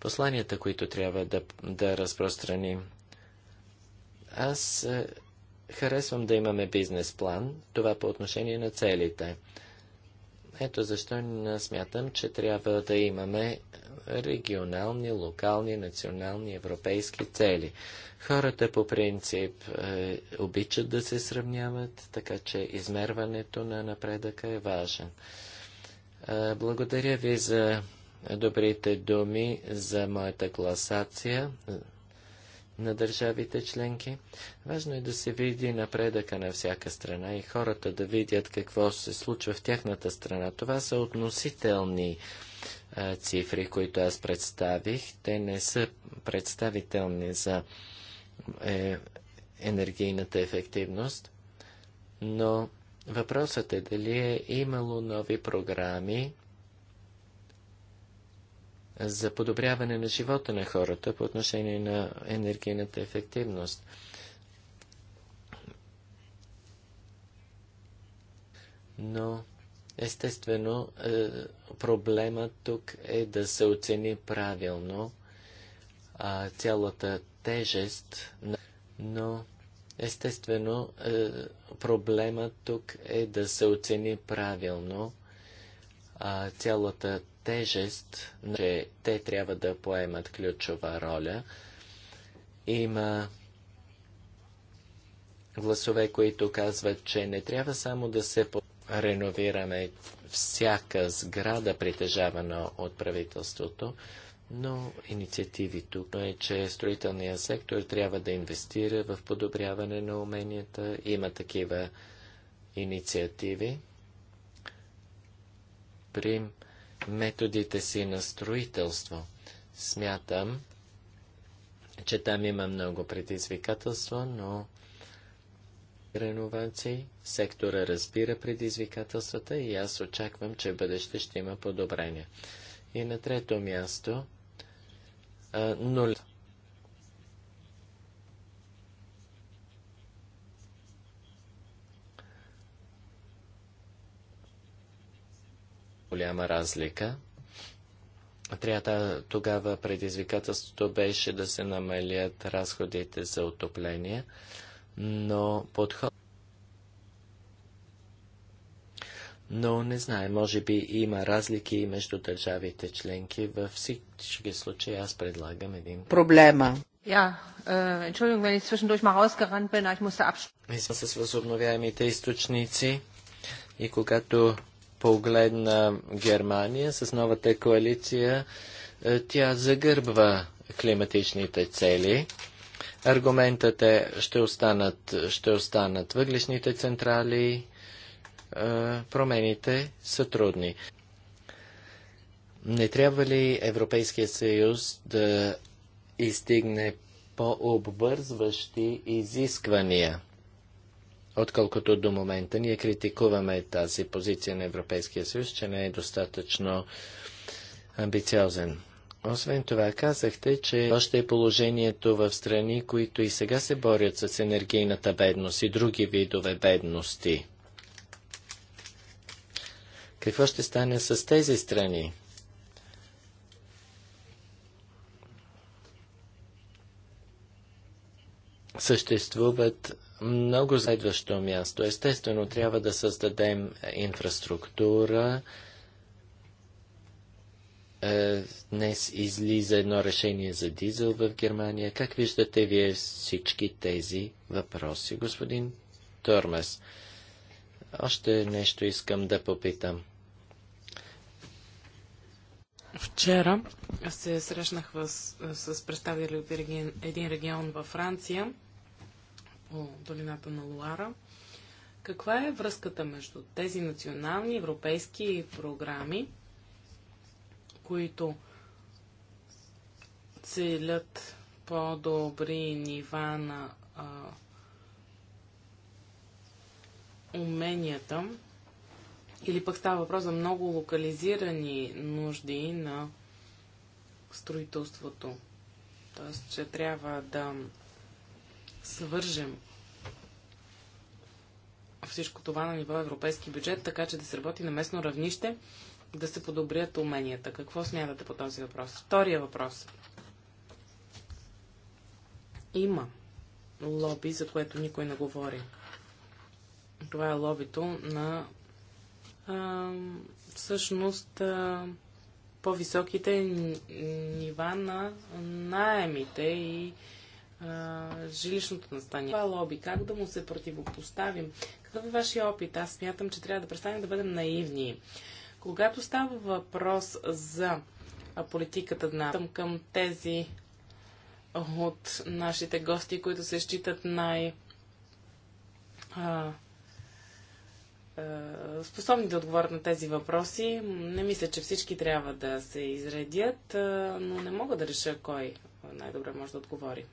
посланията, които трябва да, да разпространим. Аз е, харесвам да имаме бизнес план, това по отношение на целите. Ето защо смятам, че трябва да имаме регионални, локални, национални, европейски цели. Хората по принцип е, обичат да се сравняват, така че измерването на напредъка е важен. Е, благодаря ви за добрите думи за моята класация е, на държавите членки. Важно е да се види напредъка на всяка страна и хората да видят какво се случва в тяхната страна. Това са относителни е, цифри, които аз представих. Те не са представителни за е, енергийната ефективност, но въпросът е дали е имало нови програми за подобряване на живота на хората по отношение на енергийната ефективност. Но Естествено, е, проблема тук е да се оцени правилно цялата тежест, но естествено е, проблема тук е да се оцени правилно а, цялата тежест, че те трябва да поемат ключова роля. Има гласове, които казват, че не трябва само да се реновираме всяка сграда, притежавана от правителството, но инициативи тук е, че строителният сектор трябва да инвестира в подобряване на уменията. Има такива инициативи. При методите си на строителство смятам, че там има много предизвикателства, но реновации, сектора разбира предизвикателствата и аз очаквам, че в бъдеще ще има подобрения. И на трето място е, нуля. голяма разлика. Трябва тогава предизвикателството беше да се намалят разходите за отопление, но подход но не знае, може би има разлики между държавите членки. Във всички случаи аз предлагам един проблема. Ja, äh, Entschuldigung, wenn ich zwischendurch mal rausgerannt bin, ich musste abschließen. с възобновяемите източници и когато погледна Германия с новата коалиция, е, тя загърбва климатичните цели. Аргументът е, ще останат, ще останат въглишните централи, промените са трудни. Не трябва ли Европейския съюз да издигне по-обвързващи изисквания? Отколкото до момента ние критикуваме тази позиция на Европейския съюз, че не е достатъчно амбициозен. Освен това, казахте, че още е положението в страни, които и сега се борят с енергийната бедност и други видове бедности. Какво ще стане с тези страни? Съществуват много следващо място. Естествено, трябва да създадем инфраструктура. Е, днес излиза едно решение за дизел в Германия. Как виждате вие всички тези въпроси, господин Тормес? Още нещо искам да попитам. Вчера се срещнах въз, с представители от един регион във Франция, по долината на Луара. Каква е връзката между тези национални европейски програми, които целят по-добри нива на а, уменията или пък става въпрос за много локализирани нужди на строителството. Тоест, че трябва да свържем всичко това на ниво европейски бюджет, така че да се работи на местно равнище, да се подобрят уменията. Какво смятате по този въпрос? Втория въпрос. Има лоби, за което никой не говори. Това е лобито на всъщност по-високите нива на найемите и жилищното настание. Това е лоби. Как да му се противопоставим? Какъв е вашия опит? Аз смятам, че трябва да престанем да бъдем наивни. Когато става въпрос за политиката на към тези от нашите гости, които се считат най- а, е, способни да отговорят на тези въпроси. Не мисля, че всички трябва да се изредят, е, но не мога да реша кой най-добре може да отговори.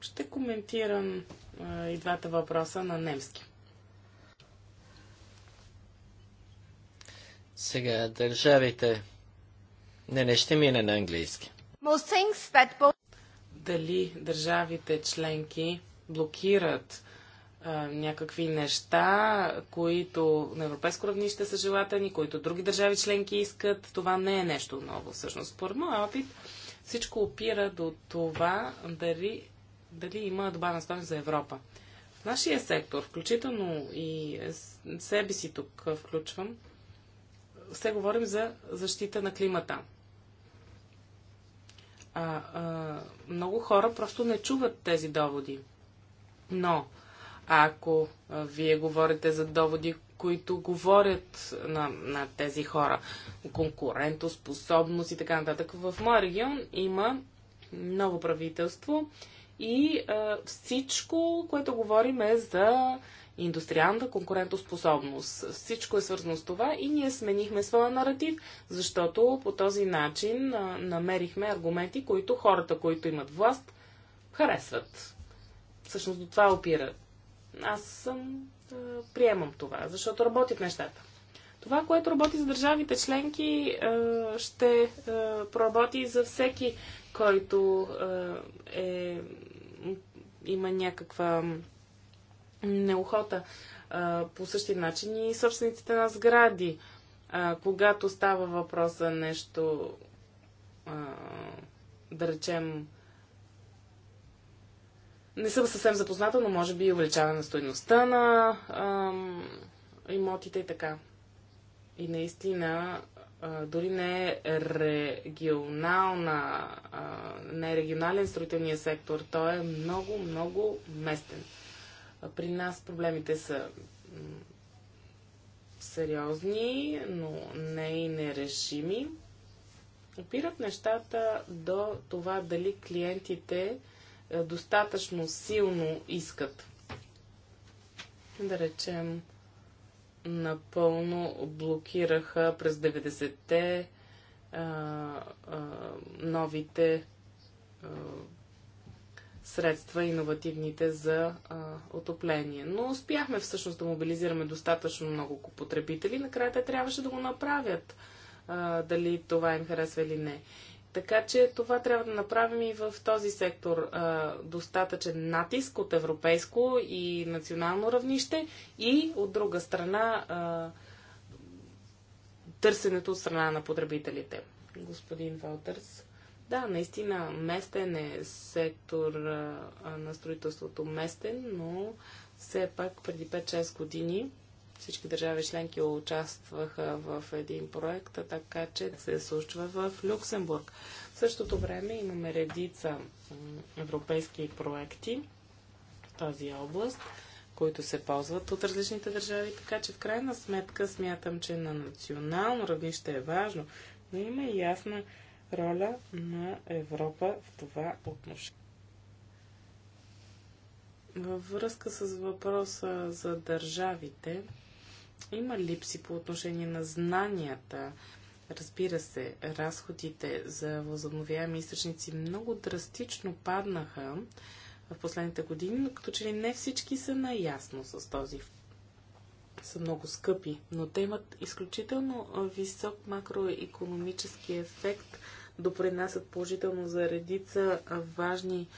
Ще коментирам е, и двата въпроса на немски. Сега, държавите... Не, не, ще мине на английски. Дали държавите членки блокират някакви неща, които на европейско равнище са желателни, които други държави членки искат. Това не е нещо ново, всъщност. Според моя опит, всичко опира до това дали, дали има добавена стойност за Европа. В нашия сектор, включително и себе си тук включвам, все говорим за защита на климата. А, а, много хора просто не чуват тези доводи. Но ако вие говорите за доводи, които говорят на, на тези хора. Конкурентоспособност и така нататък. В моя регион има ново правителство и а, всичко, което говорим е за индустриалната конкурентоспособност. Всичко е свързано с това и ние сменихме своя наратив, защото по този начин а, намерихме аргументи, които хората, които имат власт, харесват. Всъщност до това опира аз съм, а, приемам това, защото работят нещата. Това, което работи за държавите членки, а, ще а, проработи за всеки, който а, е, има някаква неохота а, по същия начин и собствениците на сгради. А, когато става въпрос за нещо, а, да речем, не съм съвсем запозната, но може би и увеличаване на стоеността на ам, имотите и така. И наистина, а, дори не е регионална, а, не е регионален строителния сектор, той е много, много местен. А, при нас проблемите са сериозни, но не и нерешими. Опират нещата до това дали клиентите достатъчно силно искат. Да речем, напълно блокираха през 90-те новите а, средства, иновативните за а, отопление. Но успяхме всъщност да мобилизираме достатъчно много потребители. Накрая те трябваше да го направят, а, дали това им харесва или не. Така че това трябва да направим и в този сектор. А, достатъчен натиск от европейско и национално равнище и от друга страна а, търсенето от страна на потребителите. Господин Валтърс. Да, наистина местен е сектор а, на строителството местен, но все пак преди 5-6 години всички държави членки участваха в един проект, така че се случва в Люксембург. В същото време имаме редица европейски проекти в тази област, които се ползват от различните държави, така че в крайна сметка смятам, че на национално равнище е важно, но има и ясна роля на Европа в това отношение. Във връзка с въпроса за държавите, има липси по отношение на знанията. Разбира се, разходите за възобновяеми източници много драстично паднаха в последните години, но като че ли не всички са наясно с този са много скъпи, но те имат изключително висок макроекономически ефект, допринасят положително за редица важни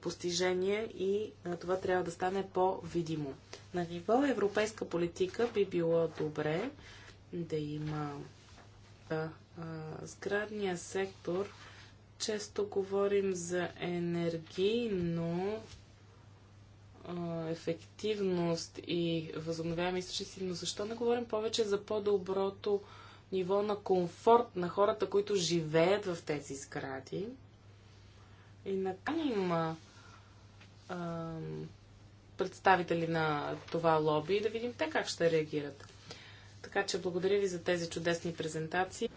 постижение и това трябва да стане по-видимо. На ниво европейска политика би било добре да има сградния сектор. Често говорим за енергийно ефективност и възобновяваме източници, но защо не говорим повече за по-доброто ниво на комфорт на хората, които живеят в тези сгради? и наканим представители на това лоби и да видим те как ще реагират. Така че благодаря ви за тези чудесни презентации.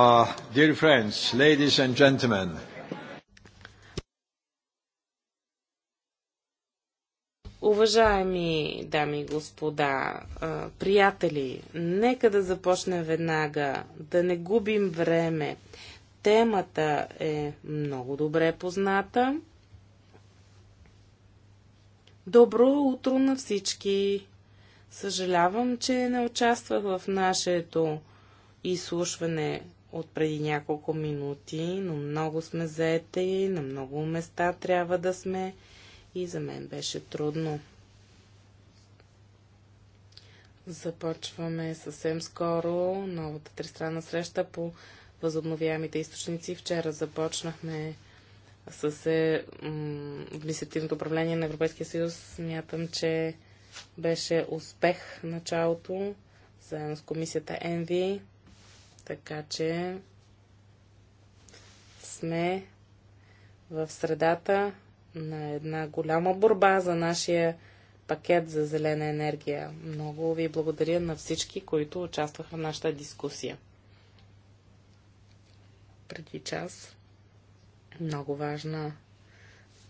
Uh, dear friends, ladies and gentlemen. Уважаеми дами и господа, приятели, нека да започнем веднага, да не губим време. Темата е много добре позната. Добро утро на всички! Съжалявам, че не участвах в нашето изслушване от преди няколко минути, но много сме заети, на много места трябва да сме и за мен беше трудно. Започваме съвсем скоро новата тристранна среща по възобновяемите източници. Вчера започнахме с е, административното управление на Европейския съюз. Смятам, че беше успех началото заедно с комисията ЕНВИ. Така че сме в средата на една голяма борба за нашия пакет за зелена енергия. Много ви благодаря на всички, които участваха в нашата дискусия. Преди час. Много важна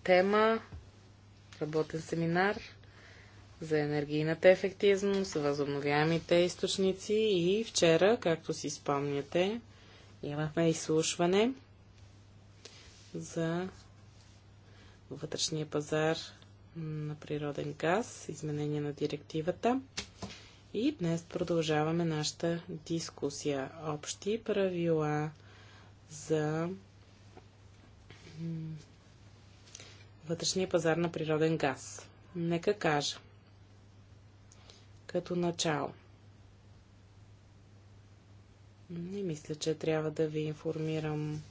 тема. Работен семинар за енергийната ефективност, възобновяемите източници и вчера, както си спомняте, имахме изслушване за вътрешния пазар на природен газ, изменение на директивата. И днес продължаваме нашата дискусия. Общи правила за вътрешния пазар на природен газ. Нека кажа като начало. Не мисля, че трябва да ви информирам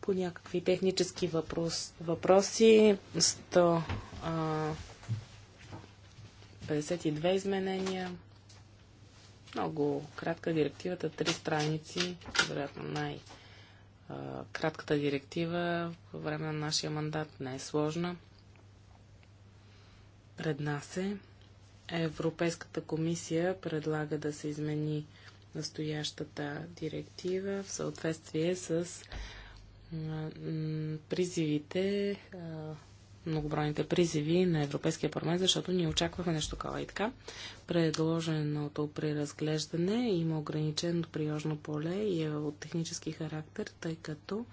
по някакви технически въпрос, въпроси. 152 изменения. Много кратка директивата, три страници, вероятно най- кратката директива по време на нашия мандат не е сложна. Пред нас е. Европейската комисия предлага да се измени настоящата директива в съответствие с призивите, многобройните призиви на Европейския парламент, защото ние очаквахме нещо такова и така. Предложеното при разглеждане има ограничено приложно поле и е от технически характер, тъй като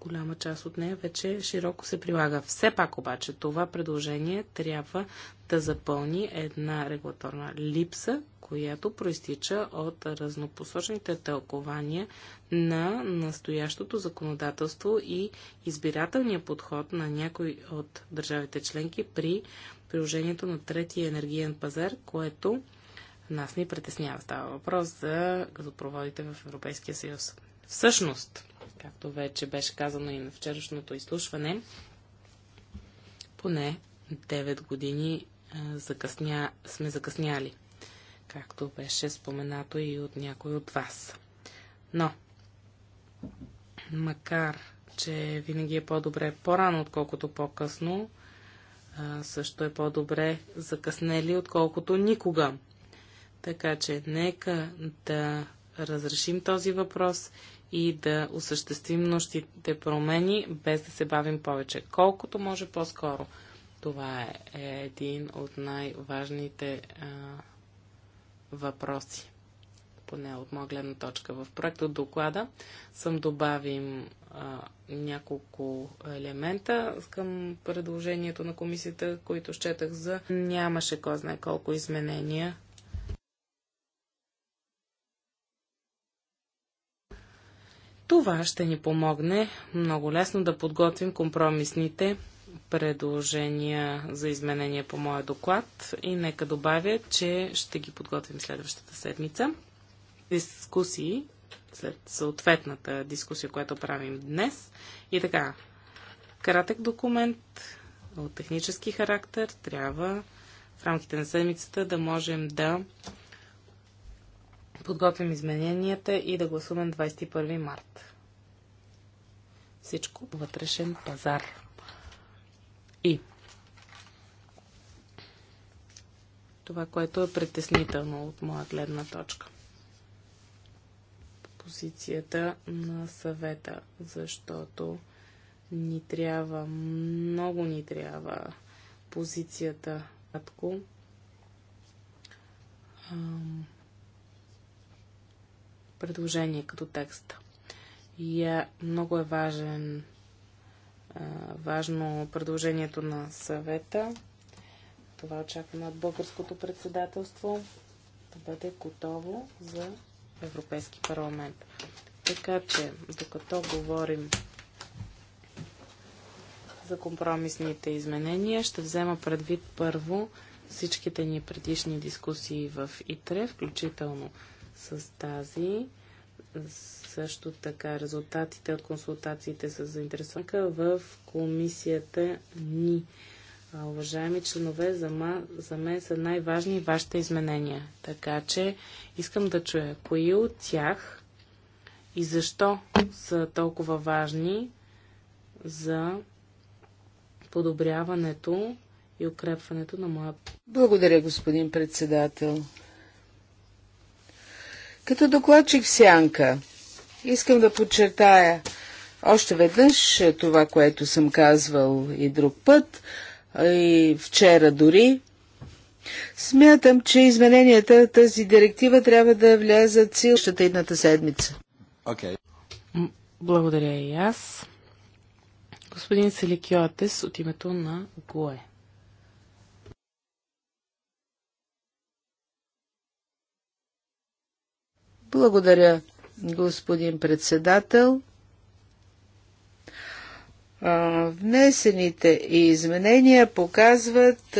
голяма част от нея вече широко се прилага. Все пак обаче това предложение трябва да запълни една регулаторна липса, която проистича от разнопосочните тълкования на настоящото законодателство и избирателния подход на някой от държавите членки при приложението на третия енергиен пазар, което нас ни притеснява. Става въпрос за газопроводите в Европейския съюз. Всъщност, както вече беше казано и на вчерашното изслушване, поне 9 години закъсня, сме закъсняли, както беше споменато и от някой от вас. Но, макар, че винаги е по-добре по-рано, отколкото по-късно, също е по-добре закъснели, отколкото никога. Така че нека да разрешим този въпрос и да осъществим нужните промени, без да се бавим повече. Колкото може по-скоро. Това е един от най-важните въпроси, поне от моя гледна точка. В проекта от доклада съм добавим а, няколко елемента към предложението на комисията, които счетах за нямаше кой знае колко изменения Това ще ни помогне много лесно да подготвим компромисните предложения за изменение по моя доклад и нека добавя, че ще ги подготвим следващата седмица. Дискусии след съответната дискусия, която правим днес. И така, кратък документ от технически характер трябва в рамките на седмицата да можем да подготвим измененията и да гласувам 21 март. Всичко вътрешен пазар. И това, което е притеснително от моя гледна точка. Позицията на съвета, защото ни трябва, много ни трябва позицията кратко. Ам предложение като текст И е, много е важен, е, важно предложението на съвета. Това очакваме от българското председателство да бъде готово за Европейски парламент. Така че, докато говорим за компромисните изменения, ще взема предвид първо всичките ни предишни дискусии в ИТРЕ, включително с тази. Също така резултатите от консултациите с заинтересованка в комисията ни. Уважаеми членове, за, ма, за мен са най-важни вашите изменения. Така че искам да чуя кои от тях и защо са толкова важни за подобряването и укрепването на моя. Благодаря, господин председател. Като докладчик в сянка, искам да подчертая още веднъж това, което съм казвал и друг път, и вчера дори. Смятам, че измененията тази директива трябва да влязат в силщата едната седмица. Okay. Благодаря и аз. Господин Селикиотес от името на ГОЕ. Благодаря, господин председател. Внесените изменения показват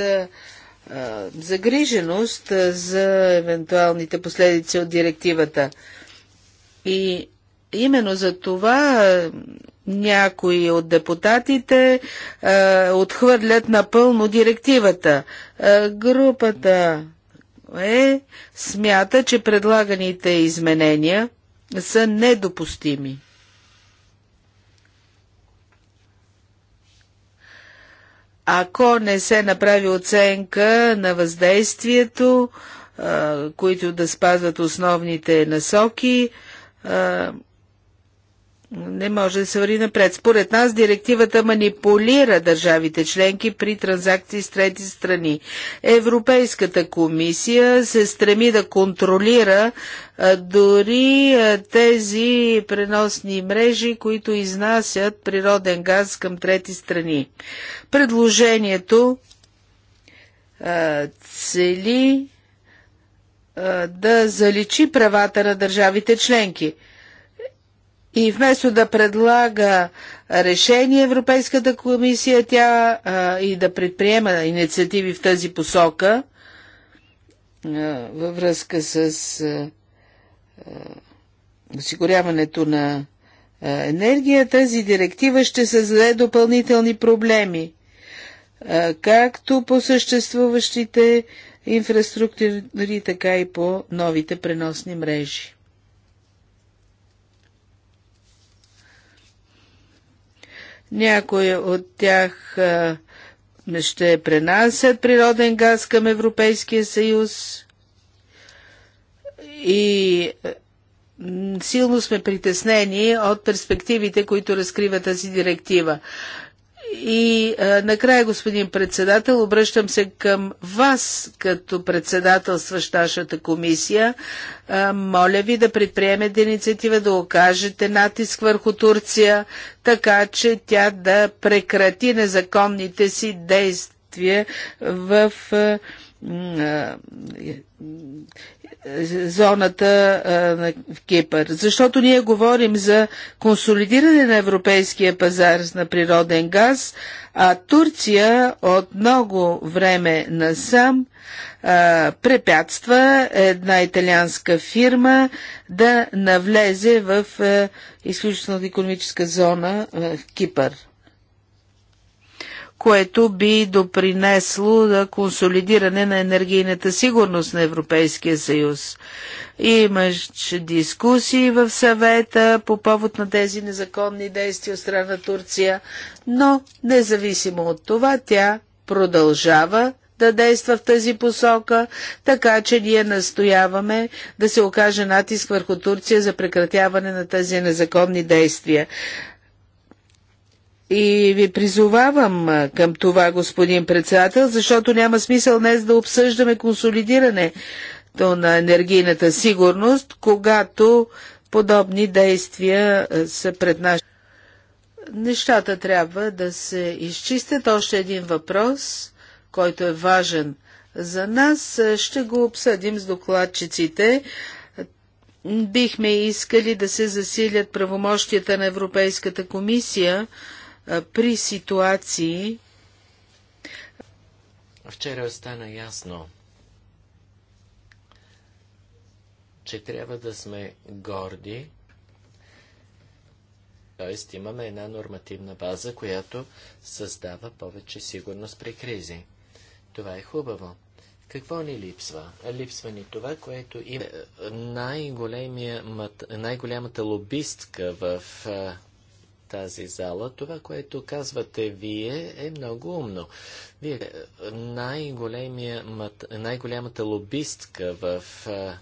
загриженост за евентуалните последици от директивата. И именно за това някои от депутатите отхвърлят напълно директивата. групата е, смята, че предлаганите изменения са недопустими. Ако не се направи оценка на въздействието, които да спазват основните насоки, не може да се върви напред. Според нас директивата манипулира държавите членки при транзакции с трети страни. Европейската комисия се стреми да контролира а, дори а, тези преносни мрежи, които изнасят природен газ към трети страни. Предложението а, цели да заличи правата на държавите членки – и вместо да предлага решение Европейската комисия, тя а, и да предприема инициативи в тази посока а, във връзка с а, осигуряването на енергия, тази директива ще създаде допълнителни проблеми, както по съществуващите инфраструктури, така и по новите преносни мрежи. Някои от тях ще пренасят природен газ към Европейския съюз и силно сме притеснени от перспективите, които разкрива тази директива. И а, накрая, господин председател, обръщам се към вас, като председателстващ нашата комисия. А, моля ви да предприемете инициатива, да окажете натиск върху Турция, така че тя да прекрати незаконните си действия в а, зоната в Кипър. Защото ние говорим за консолидиране на европейския пазар на природен газ, а Турция от много време насам препятства една италианска фирма да навлезе в изключително економическа зона в Кипър което би допринесло да консолидиране на енергийната сигурност на Европейския съюз. Имаш дискусии в съвета по повод на тези незаконни действия от страна Турция, но независимо от това тя продължава да действа в тази посока, така че ние настояваме да се окаже натиск върху Турция за прекратяване на тези незаконни действия. И ви призовавам към това, господин председател, защото няма смисъл днес да обсъждаме консолидиране на енергийната сигурност, когато подобни действия са пред нас. Нещата трябва да се изчистят. Още един въпрос, който е важен за нас. Ще го обсъдим с докладчиците. Бихме искали да се засилят правомощията на Европейската комисия при ситуации. Вчера стана ясно, че трябва да сме горди, т.е. имаме една нормативна база, която създава повече сигурност при кризи. Това е хубаво. Какво ни липсва? Липсва ни това, което има е, е, най-голямата най лобистка в е, тази зала, това, което казвате вие, е много умно. Вие най-голямата най лобистка в а,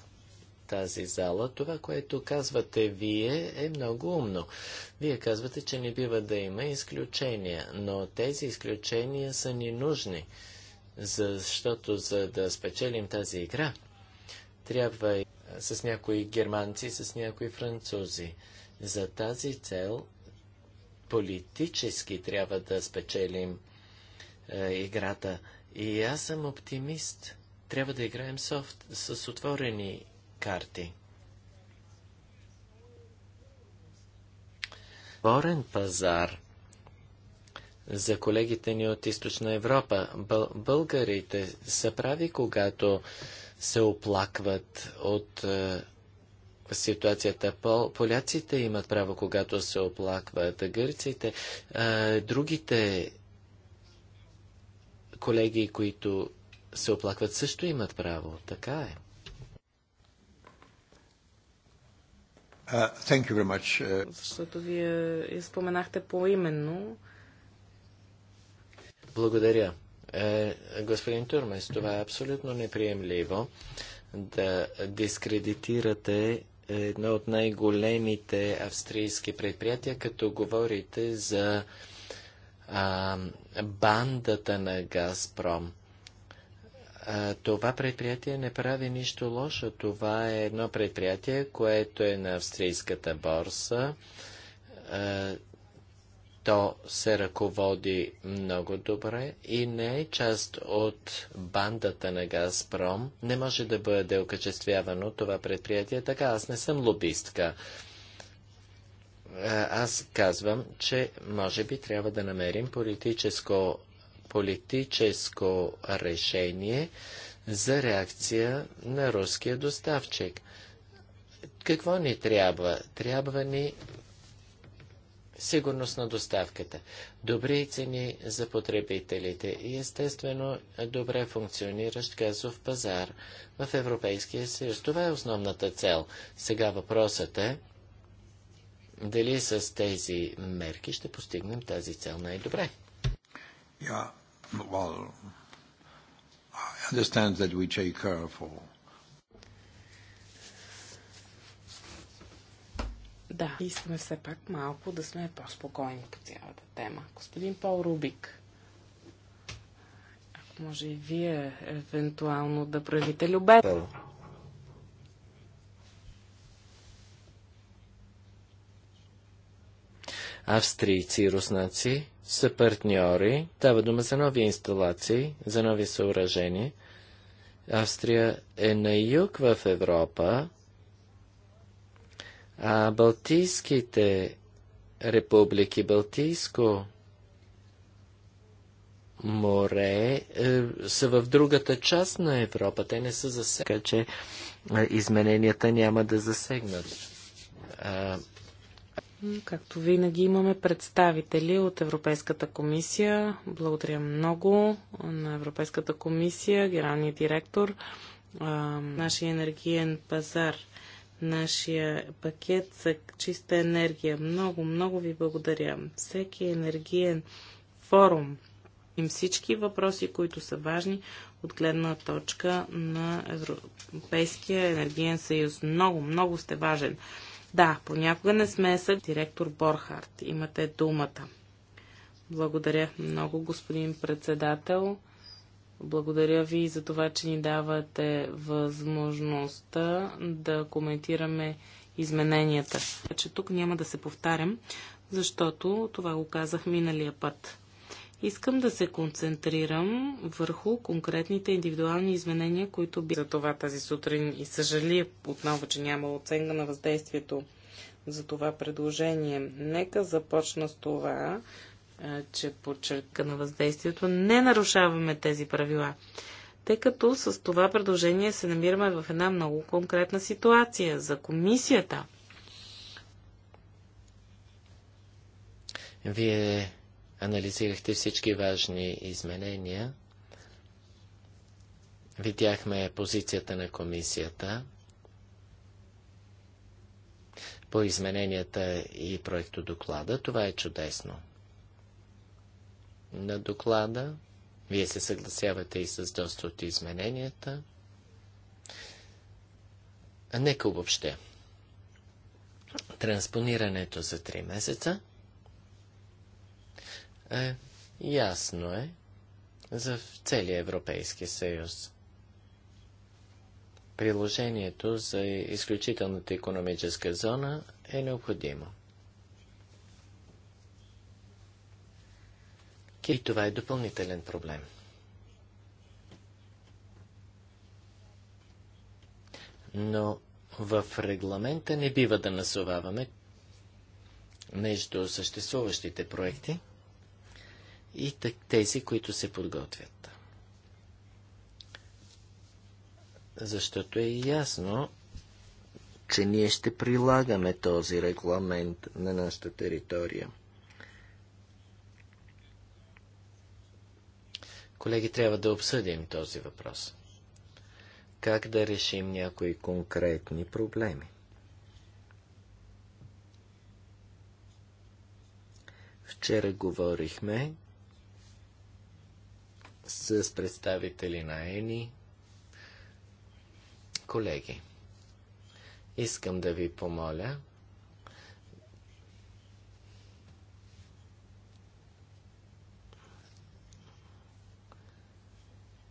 тази зала, това, което казвате вие, е много умно. Вие казвате, че не бива да има изключения, но тези изключения са ни нужни, защото за да спечелим тази игра, трябва с някои германци, с някои французи. За тази цел политически трябва да спечелим е, играта. И аз съм оптимист. Трябва да играем софт, с отворени карти. Борен пазар. За колегите ни от Източна Европа, бъл- българите са прави, когато се оплакват от е, ситуацията. Пол, поляците имат право, когато се оплакват гърците. А, другите колеги, които се оплакват, също имат право. Така е. Uh, uh Защото вие споменахте поименно. Благодаря. Е, господин Турмес, това е абсолютно неприемливо да дискредитирате едно от най-големите австрийски предприятия, като говорите за а, бандата на Газпром. А, това предприятие не прави нищо лошо. Това е едно предприятие, което е на австрийската борса. А, то се ръководи много добре и не е част от бандата на Газпром. Не може да бъде окачествявано това предприятие. Така, аз не съм лобистка. Аз казвам, че може би трябва да намерим политическо, политическо решение за реакция на руския доставчик. Какво ни трябва? Трябва ни сигурност на доставката, добри цени за потребителите и естествено добре функциониращ газов пазар в Европейския съюз. Това е основната цел. Сега въпросът е дали с тези мерки ще постигнем тази цел най-добре. Yeah, well, I understand that we take care for Да, искаме все пак малко да сме по-спокойни по цялата тема. Господин Пол Рубик, ако може и вие евентуално да правите любе. Австрийци и руснаци са партньори. Става дума за нови инсталации, за нови съоръжения. Австрия е на юг в Европа, а Балтийските републики, Балтийско море е, са в другата част на Европа. Те не са засегнати, че измененията няма да засегнат. А... Както винаги имаме представители от Европейската комисия. Благодаря много на Европейската комисия, генералния директор, нашия енергиен пазар нашия пакет за чиста енергия. Много, много ви благодаря. Всеки енергиен форум и всички въпроси, които са важни от гледна точка на Европейския енергиен съюз. Много, много сте важен. Да, понякога не сме са директор Борхарт. Имате думата. Благодаря много, господин председател. Благодаря ви за това, че ни давате възможността да коментираме измененията. Че тук няма да се повтарям, защото това го казах миналия път. Искам да се концентрирам върху конкретните индивидуални изменения, които би за това тази сутрин и съжалия отново, че няма оценка на въздействието за това предложение. Нека започна с това, че подчерка на въздействието, не нарушаваме тези правила, тъй като с това предложение се намираме в една много конкретна ситуация за комисията. Вие анализирахте всички важни изменения. Видяхме позицията на комисията по измененията и проекто доклада. Това е чудесно на доклада. Вие се съгласявате и с доста от измененията. Нека въобще. Транспонирането за 3 месеца е ясно е за целия Европейски съюз. Приложението за изключителната економическа зона е необходимо. И това е допълнителен проблем. Но в регламента не бива да насоваваме между съществуващите проекти и тези, които се подготвят. Защото е ясно, че ние ще прилагаме този регламент на нашата територия – Колеги, трябва да обсъдим този въпрос. Как да решим някои конкретни проблеми? Вчера говорихме с представители на ЕНИ. Колеги, искам да ви помоля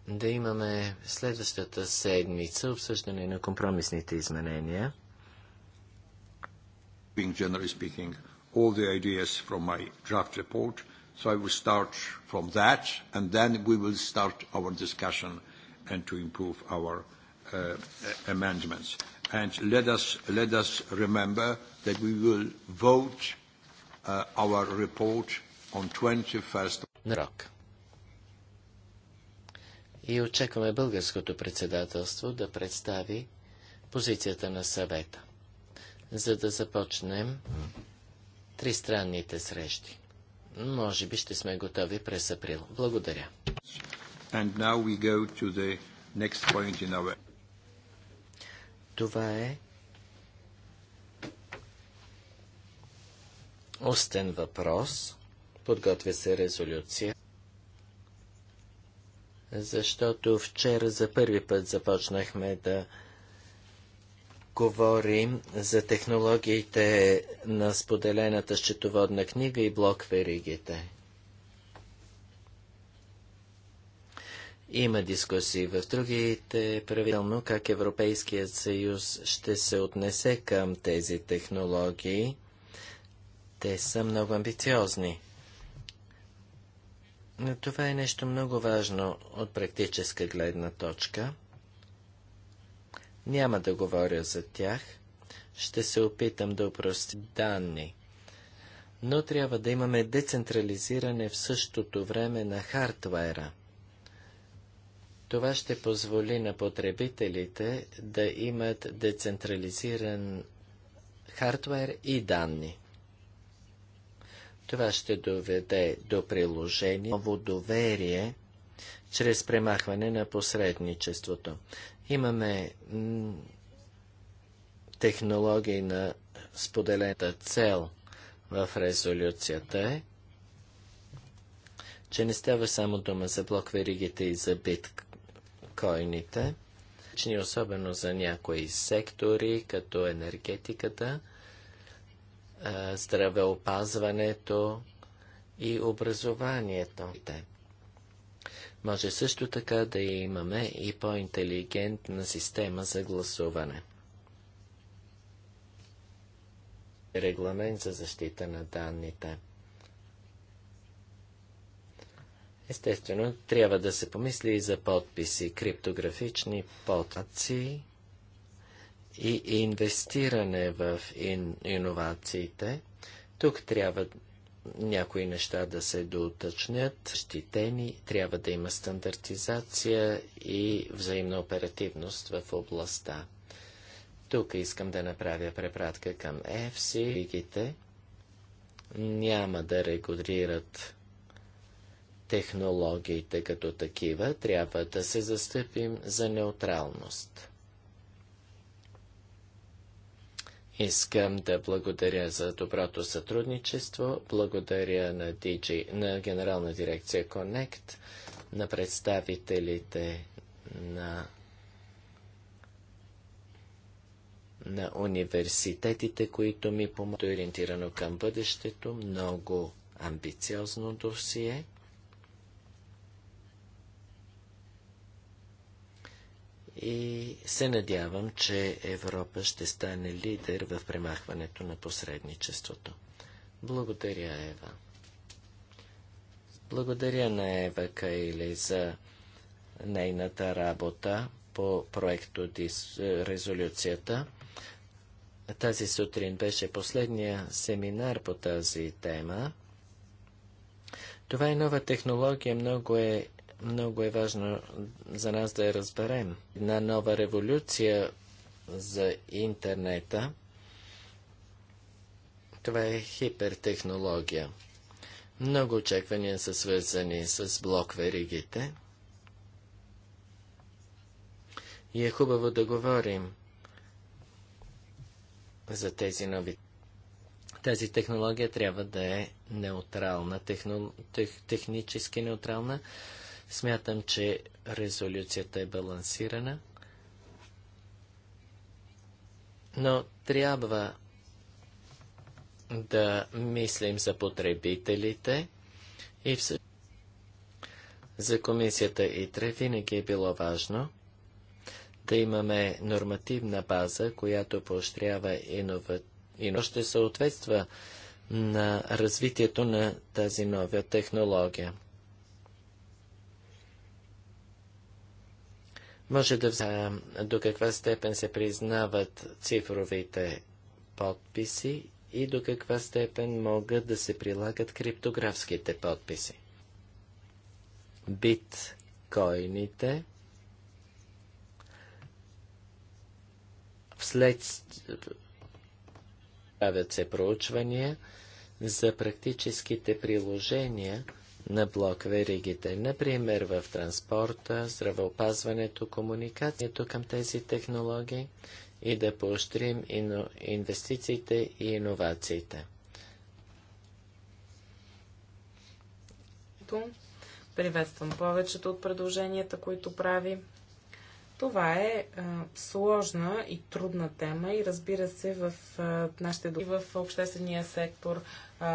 да имаме следващата седмица обсъждане на компромисните изменения. Generally speaking, all the ideas from my draft report, so I will start from that, and then we will start our discussion and to improve our uh, amendments. And let us let us remember that we will vote uh, our report on 21st. Rock и очакваме българското председателство да представи позицията на съвета, за да започнем тристранните срещи. Може би ще сме готови през април. Благодаря. Our... Това е устен въпрос. Подготвя се резолюция защото вчера за първи път започнахме да говорим за технологиите на споделената счетоводна книга и блок веригите. Има дискусии в другите правилно как Европейският съюз ще се отнесе към тези технологии. Те са много амбициозни. Това е нещо много важно от практическа гледна точка. Няма да говоря за тях. Ще се опитам да упрости данни. Но трябва да имаме децентрализиране в същото време на хардвера. Това ще позволи на потребителите да имат децентрализиран хардвер и данни. Това ще доведе до приложение, ново доверие, чрез премахване на посредничеството. Имаме технологии на споделената цел в резолюцията е, че не става само дума за блок веригите и за биткоините, че особено за някои сектори, като енергетиката – здравеопазването и образованието. Може също така да имаме и по-интелигентна система за гласуване. Регламент за защита на данните. Естествено, трябва да се помисли и за подписи, криптографични подписи и инвестиране в ин, иновациите. Тук трябва някои неща да се доточнят, щитени, трябва да има стандартизация и взаимна оперативност в областта. Тук искам да направя препратка към EFC. Лигите няма да регулират технологиите като такива, трябва да се застъпим за неутралност. Искам да благодаря за доброто сътрудничество, благодаря на, DG, на Генерална дирекция Connect, на представителите на, на университетите, които ми помогнаха ориентирано към бъдещето, много амбициозно досие. и се надявам, че Европа ще стане лидер в премахването на посредничеството. Благодаря, Ева. Благодаря на Ева Кайли за нейната работа по проекто е, резолюцията. Тази сутрин беше последния семинар по тази тема. Това е нова технология, много е много е важно за нас да я разберем. Една нова революция за интернета. Това е хипертехнология. Много очаквания са свързани с блок веригите. И е хубаво да говорим за тези нови. Тази технология трябва да е неутрална, техно... тех... технически неутрална, Смятам, че резолюцията е балансирана, но трябва да мислим за потребителите и в... за комисията ИТРЕ винаги е било важно да имаме нормативна база, която поощрява инова... ще съответства на развитието на тази нова технология. Може да вземем до каква степен се признават цифровите подписи и до каква степен могат да се прилагат криптографските подписи. Биткоините вслед правят се проучвания за практическите приложения – на блок веригите, например в транспорта, здравеопазването, комуникацията към тези технологии и да поощрим инвестициите и иновациите. Приветствам повечето от предложенията, които прави. Това е, е сложна и трудна тема и разбира се в е, нашите и в обществения сектор е,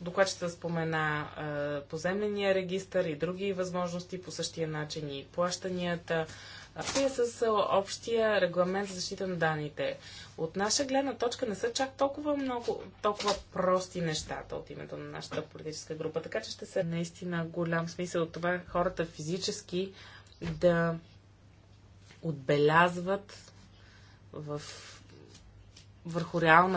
Докладчета спомена а, поземления регистр и други възможности по същия начин и плащанията. Акция е с общия регламент за защита на данните. От наша гледна точка не са чак толкова много, толкова прости нещата от името на нашата политическа група. Така че ще се наистина голям смисъл от това хората физически да отбелязват в върху реална